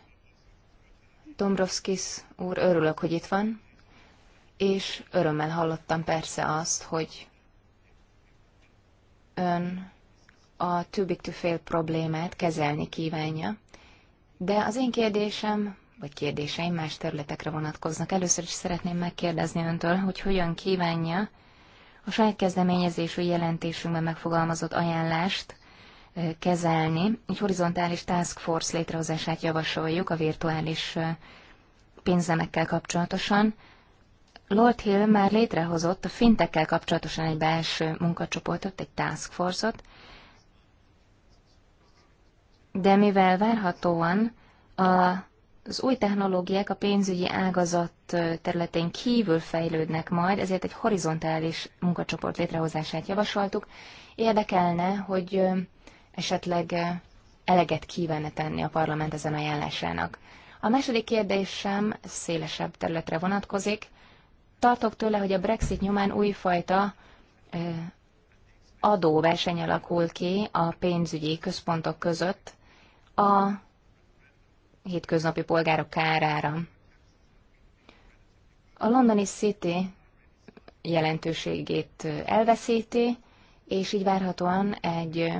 Dombrovskis úr, örülök, hogy itt van, és örömmel hallottam persze azt, hogy ön a too big to fail problémát kezelni kívánja, de az én kérdésem, vagy kérdéseim más területekre vonatkoznak. Először is szeretném megkérdezni öntől, hogy hogyan kívánja a saját kezdeményezésű jelentésünkben megfogalmazott ajánlást kezelni. Egy horizontális task force létrehozását javasoljuk a virtuális pénzemekkel kapcsolatosan. Lord Hill már létrehozott a fintekkel kapcsolatosan egy belső munkacsoportot, egy task force-ot, de mivel várhatóan a az új technológiák a pénzügyi ágazat területén kívül fejlődnek majd, ezért egy horizontális munkacsoport létrehozását javasoltuk. Érdekelne, hogy esetleg eh, eleget kívánne tenni a parlament ezen ajánlásának. A második kérdésem szélesebb területre vonatkozik. Tartok tőle, hogy a Brexit nyomán újfajta eh, adóverseny alakul ki a pénzügyi központok között a hétköznapi polgárok kárára. A londoni City jelentőségét eh, elveszíti, és így várhatóan egy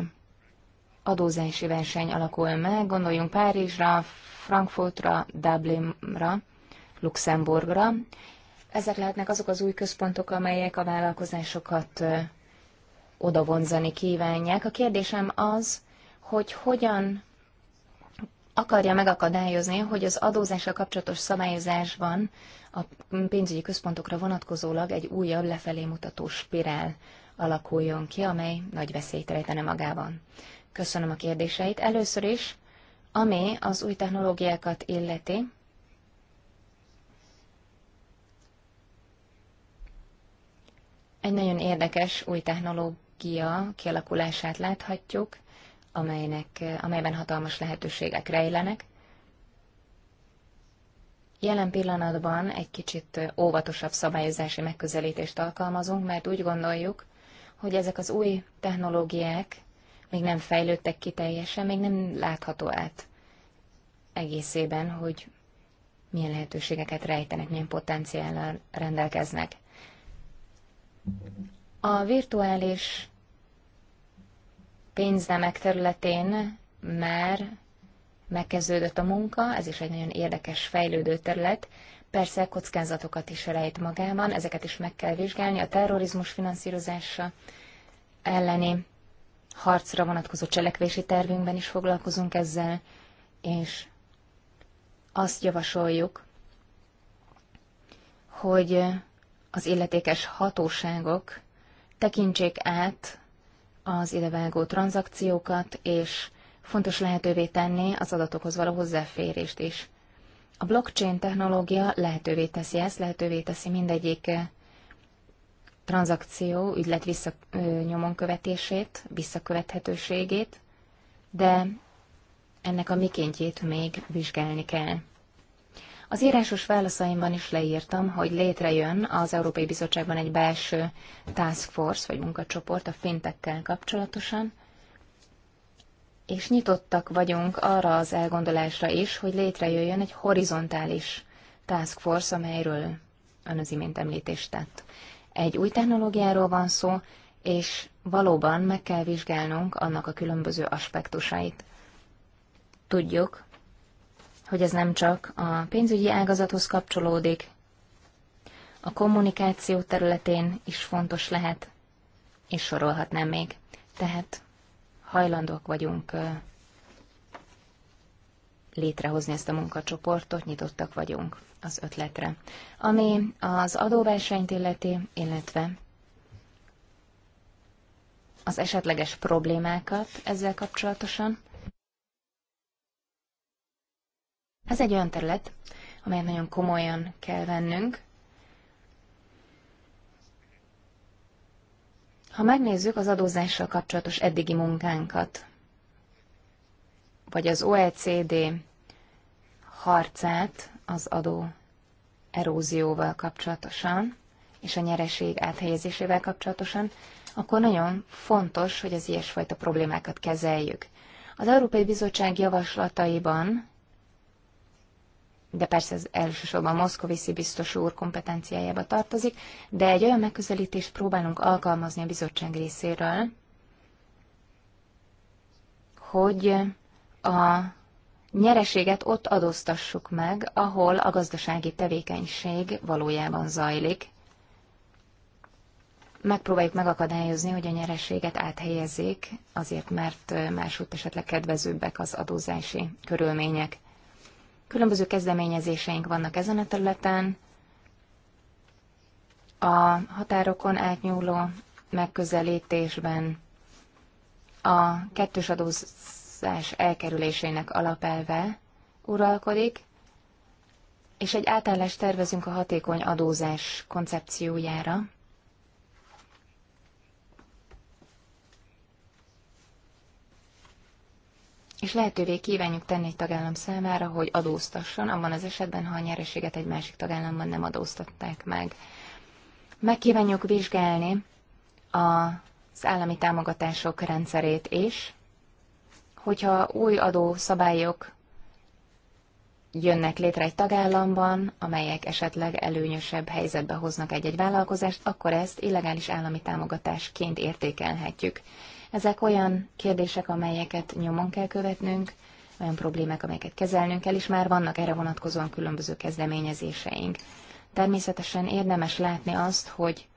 adózási verseny alakul meg, gondoljunk Párizsra, Frankfurtra, Dublinra, Luxemburgra. Ezek lehetnek azok az új központok, amelyek a vállalkozásokat odavonzani kívánják. A kérdésem az, hogy hogyan akarja megakadályozni, hogy az adózással kapcsolatos szabályozásban a pénzügyi központokra vonatkozólag egy újabb lefelé mutató spirál alakuljon ki, amely nagy veszélyt rejtene magában. Köszönöm a kérdéseit. Először is, ami az új technológiákat illeti, egy nagyon érdekes új technológia kialakulását láthatjuk, amelynek, amelyben hatalmas lehetőségek rejlenek. Jelen pillanatban egy kicsit óvatosabb szabályozási megközelítést alkalmazunk, mert úgy gondoljuk, hogy ezek az új technológiák még nem fejlődtek ki teljesen, még nem látható át egészében, hogy milyen lehetőségeket rejtenek, milyen potenciállal rendelkeznek. A virtuális pénznemek területén már megkezdődött a munka, ez is egy nagyon érdekes fejlődő terület. Persze kockázatokat is rejt magában, ezeket is meg kell vizsgálni, a terrorizmus finanszírozása elleni harcra vonatkozó cselekvési tervünkben is foglalkozunk ezzel, és azt javasoljuk, hogy az illetékes hatóságok tekintsék át az idevágó tranzakciókat, és fontos lehetővé tenni az adatokhoz való hozzáférést is. A blockchain technológia lehetővé teszi ezt, lehetővé teszi mindegyik tranzakció ügylet vissza, nyomon követését, visszakövethetőségét, de ennek a mikéntjét még vizsgálni kell. Az írásos válaszaimban is leírtam, hogy létrejön az Európai Bizottságban egy belső task force, vagy munkacsoport a fintekkel kapcsolatosan, és nyitottak vagyunk arra az elgondolásra is, hogy létrejöjjön egy horizontális task force, amelyről ön az imént említést tett. Egy új technológiáról van szó, és valóban meg kell vizsgálnunk annak a különböző aspektusait. Tudjuk, hogy ez nem csak a pénzügyi ágazathoz kapcsolódik, a kommunikáció területén is fontos lehet, és sorolhatnám még. Tehát hajlandók vagyunk létrehozni ezt a munkacsoportot, nyitottak vagyunk az ötletre. Ami az adóversenyt illeti, illetve az esetleges problémákat ezzel kapcsolatosan. Ez egy olyan terület, amelyet nagyon komolyan kell vennünk. Ha megnézzük az adózással kapcsolatos eddigi munkánkat, vagy az OECD harcát az adó erózióval kapcsolatosan és a nyereség áthelyezésével kapcsolatosan, akkor nagyon fontos, hogy az ilyesfajta problémákat kezeljük. Az Európai Bizottság javaslataiban, de persze ez elsősorban Moszkoviszi biztos úr kompetenciájába tartozik, de egy olyan megközelítést próbálunk alkalmazni a bizottság részéről, hogy a nyereséget ott adóztassuk meg, ahol a gazdasági tevékenység valójában zajlik. Megpróbáljuk megakadályozni, hogy a nyereséget áthelyezzék, azért mert máshogy esetleg kedvezőbbek az adózási körülmények. Különböző kezdeményezéseink vannak ezen a területen. A határokon átnyúló megközelítésben a kettős adózás adózás elkerülésének alapelve uralkodik, és egy átállást tervezünk a hatékony adózás koncepciójára. És lehetővé kívánjuk tenni egy tagállam számára, hogy adóztasson, abban az esetben, ha a nyereséget egy másik tagállamban nem adóztatták meg. Megkívánjuk vizsgálni az állami támogatások rendszerét is, hogyha új adószabályok jönnek létre egy tagállamban, amelyek esetleg előnyösebb helyzetbe hoznak egy-egy vállalkozást, akkor ezt illegális állami támogatásként értékelhetjük. Ezek olyan kérdések, amelyeket nyomon kell követnünk, olyan problémák, amelyeket kezelnünk kell, és már vannak erre vonatkozóan különböző kezdeményezéseink. Természetesen érdemes látni azt, hogy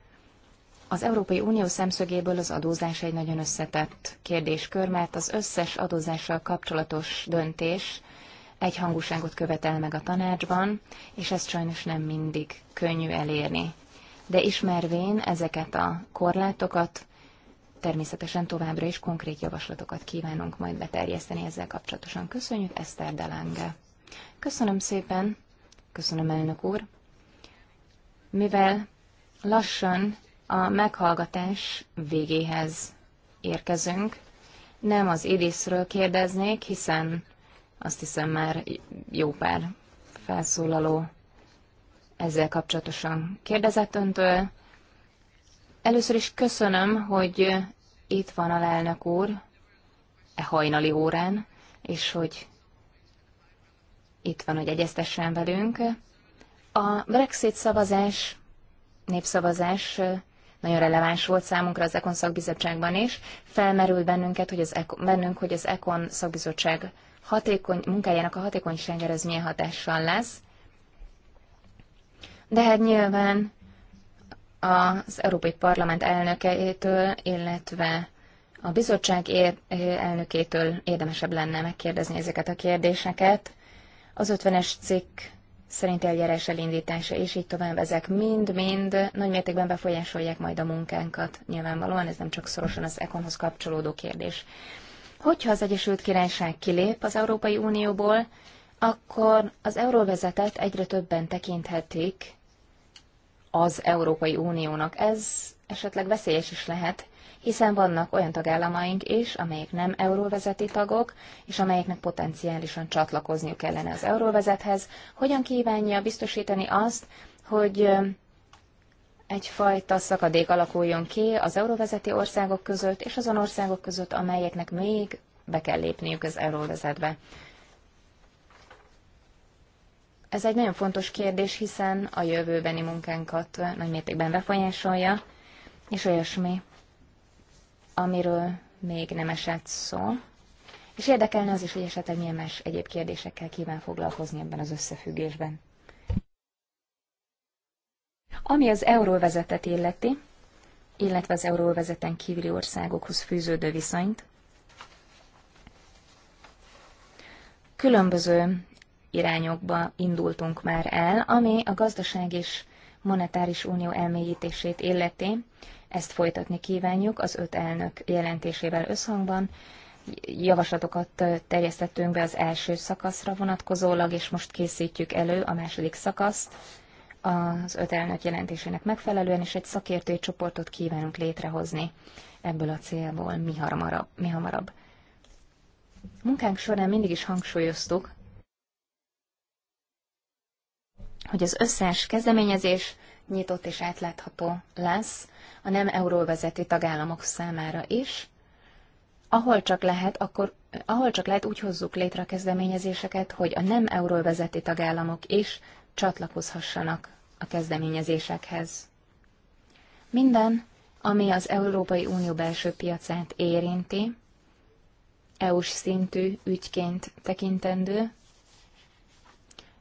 az Európai Unió szemszögéből az adózás egy nagyon összetett kérdéskör, mert az összes adózással kapcsolatos döntés hangúságot követel meg a tanácsban, és ezt sajnos nem mindig könnyű elérni. De ismervén ezeket a korlátokat, természetesen továbbra is konkrét javaslatokat kívánunk majd beterjeszteni ezzel kapcsolatosan. Köszönjük, Eszter Delange. Köszönöm szépen, köszönöm elnök úr. Mivel lassan a meghallgatás végéhez érkezünk. Nem az idészről kérdeznék, hiszen azt hiszem már jó pár felszólaló ezzel kapcsolatosan kérdezett öntől. Először is köszönöm, hogy itt van a lelnök úr e hajnali órán, és hogy itt van, hogy egyeztessen velünk. A Brexit szavazás, népszavazás nagyon releváns volt számunkra az Ekon szakbizottságban is. Felmerült bennünket, hogy az Econ, bennünk, hogy az Ekon szakbizottság hatékony, munkájának a hatékonyságára az milyen hatással lesz. De hát nyilván az Európai Parlament elnökeitől, illetve a bizottság elnökétől érdemesebb lenne megkérdezni ezeket a kérdéseket. Az 50-es cikk szerint eljárás elindítása, és így tovább, ezek mind-mind nagy mértékben befolyásolják majd a munkánkat. Nyilvánvalóan ez nem csak szorosan az ekonhoz kapcsolódó kérdés. Hogyha az Egyesült Királyság kilép az Európai Unióból, akkor az euróvezetet egyre többen tekinthetik az Európai Uniónak. Ez esetleg veszélyes is lehet, hiszen vannak olyan tagállamaink is, amelyek nem euróvezeti tagok, és amelyeknek potenciálisan csatlakozniuk kellene az euróvezethez. Hogyan kívánja biztosítani azt, hogy egyfajta szakadék alakuljon ki az euróvezeti országok között és azon országok között, amelyeknek még be kell lépniük az euróvezetbe. Ez egy nagyon fontos kérdés, hiszen a jövőbeni munkánkat nagy mértékben befolyásolja, és olyasmi, amiről még nem esett szó, és érdekelne az is, hogy esetleg milyen más egyéb kérdésekkel kíván foglalkozni ebben az összefüggésben. Ami az euróvezetet illeti, illetve az euróvezeten kívüli országokhoz fűződő viszonyt, különböző irányokba indultunk már el, ami a gazdaság és monetáris unió elmélyítését illeti, ezt folytatni kívánjuk az öt elnök jelentésével összhangban. Javaslatokat terjesztettünk be az első szakaszra vonatkozólag, és most készítjük elő a második szakaszt az öt elnök jelentésének megfelelően, és egy szakértői csoportot kívánunk létrehozni ebből a célból mi hamarabb. Mi hamarabb. Munkánk során mindig is hangsúlyoztuk, hogy az összes kezdeményezés nyitott és átlátható lesz a nem euróvezető tagállamok számára is. Ahol csak lehet, akkor, ahol csak lehet, úgy hozzuk létre a kezdeményezéseket, hogy a nem euróvezető tagállamok is csatlakozhassanak a kezdeményezésekhez. Minden, ami az Európai Unió belső piacát érinti, EU-s szintű ügyként tekintendő,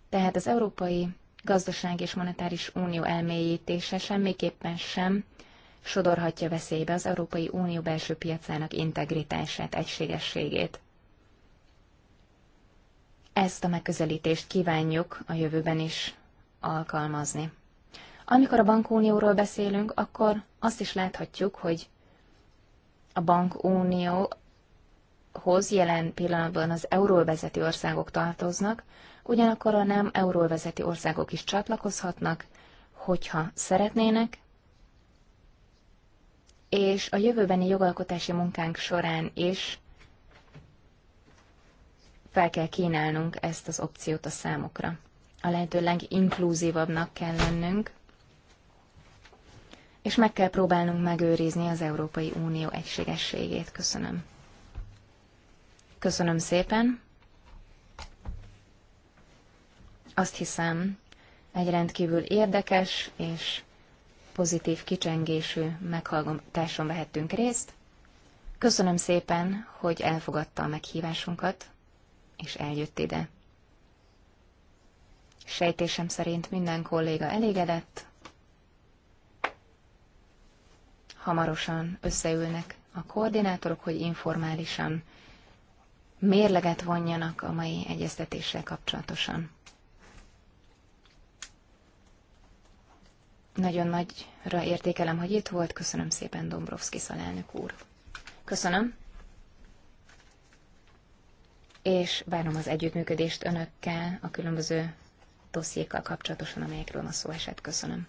tehát az Európai gazdaság és monetáris unió elmélyítése semmiképpen sem sodorhatja veszélybe az Európai Unió belső piacának integritását, egységességét. Ezt a megközelítést kívánjuk a jövőben is alkalmazni. Amikor a bankunióról beszélünk, akkor azt is láthatjuk, hogy a bankunióhoz jelen pillanatban az euróvezeti országok tartoznak, ugyanakkor a nem euróvezeti országok is csatlakozhatnak, hogyha szeretnének, és a jövőbeni jogalkotási munkánk során is fel kell kínálnunk ezt az opciót a számokra. A lehető leginkluzívabbnak kell lennünk, és meg kell próbálnunk megőrizni az Európai Unió egységességét. Köszönöm. Köszönöm szépen. Azt hiszem, egy rendkívül érdekes és pozitív kicsengésű meghallgatáson vehettünk részt. Köszönöm szépen, hogy elfogadta a meghívásunkat, és eljött ide. Sejtésem szerint minden kolléga elégedett. Hamarosan összeülnek a koordinátorok, hogy informálisan mérleget vonjanak a mai egyeztetéssel kapcsolatosan. Nagyon nagyra értékelem, hogy itt volt. Köszönöm szépen, Dombrovszki szalelnök úr. Köszönöm. És várom az együttműködést önökkel a különböző dossziékkal kapcsolatosan, amelyekről ma szó esett. Köszönöm.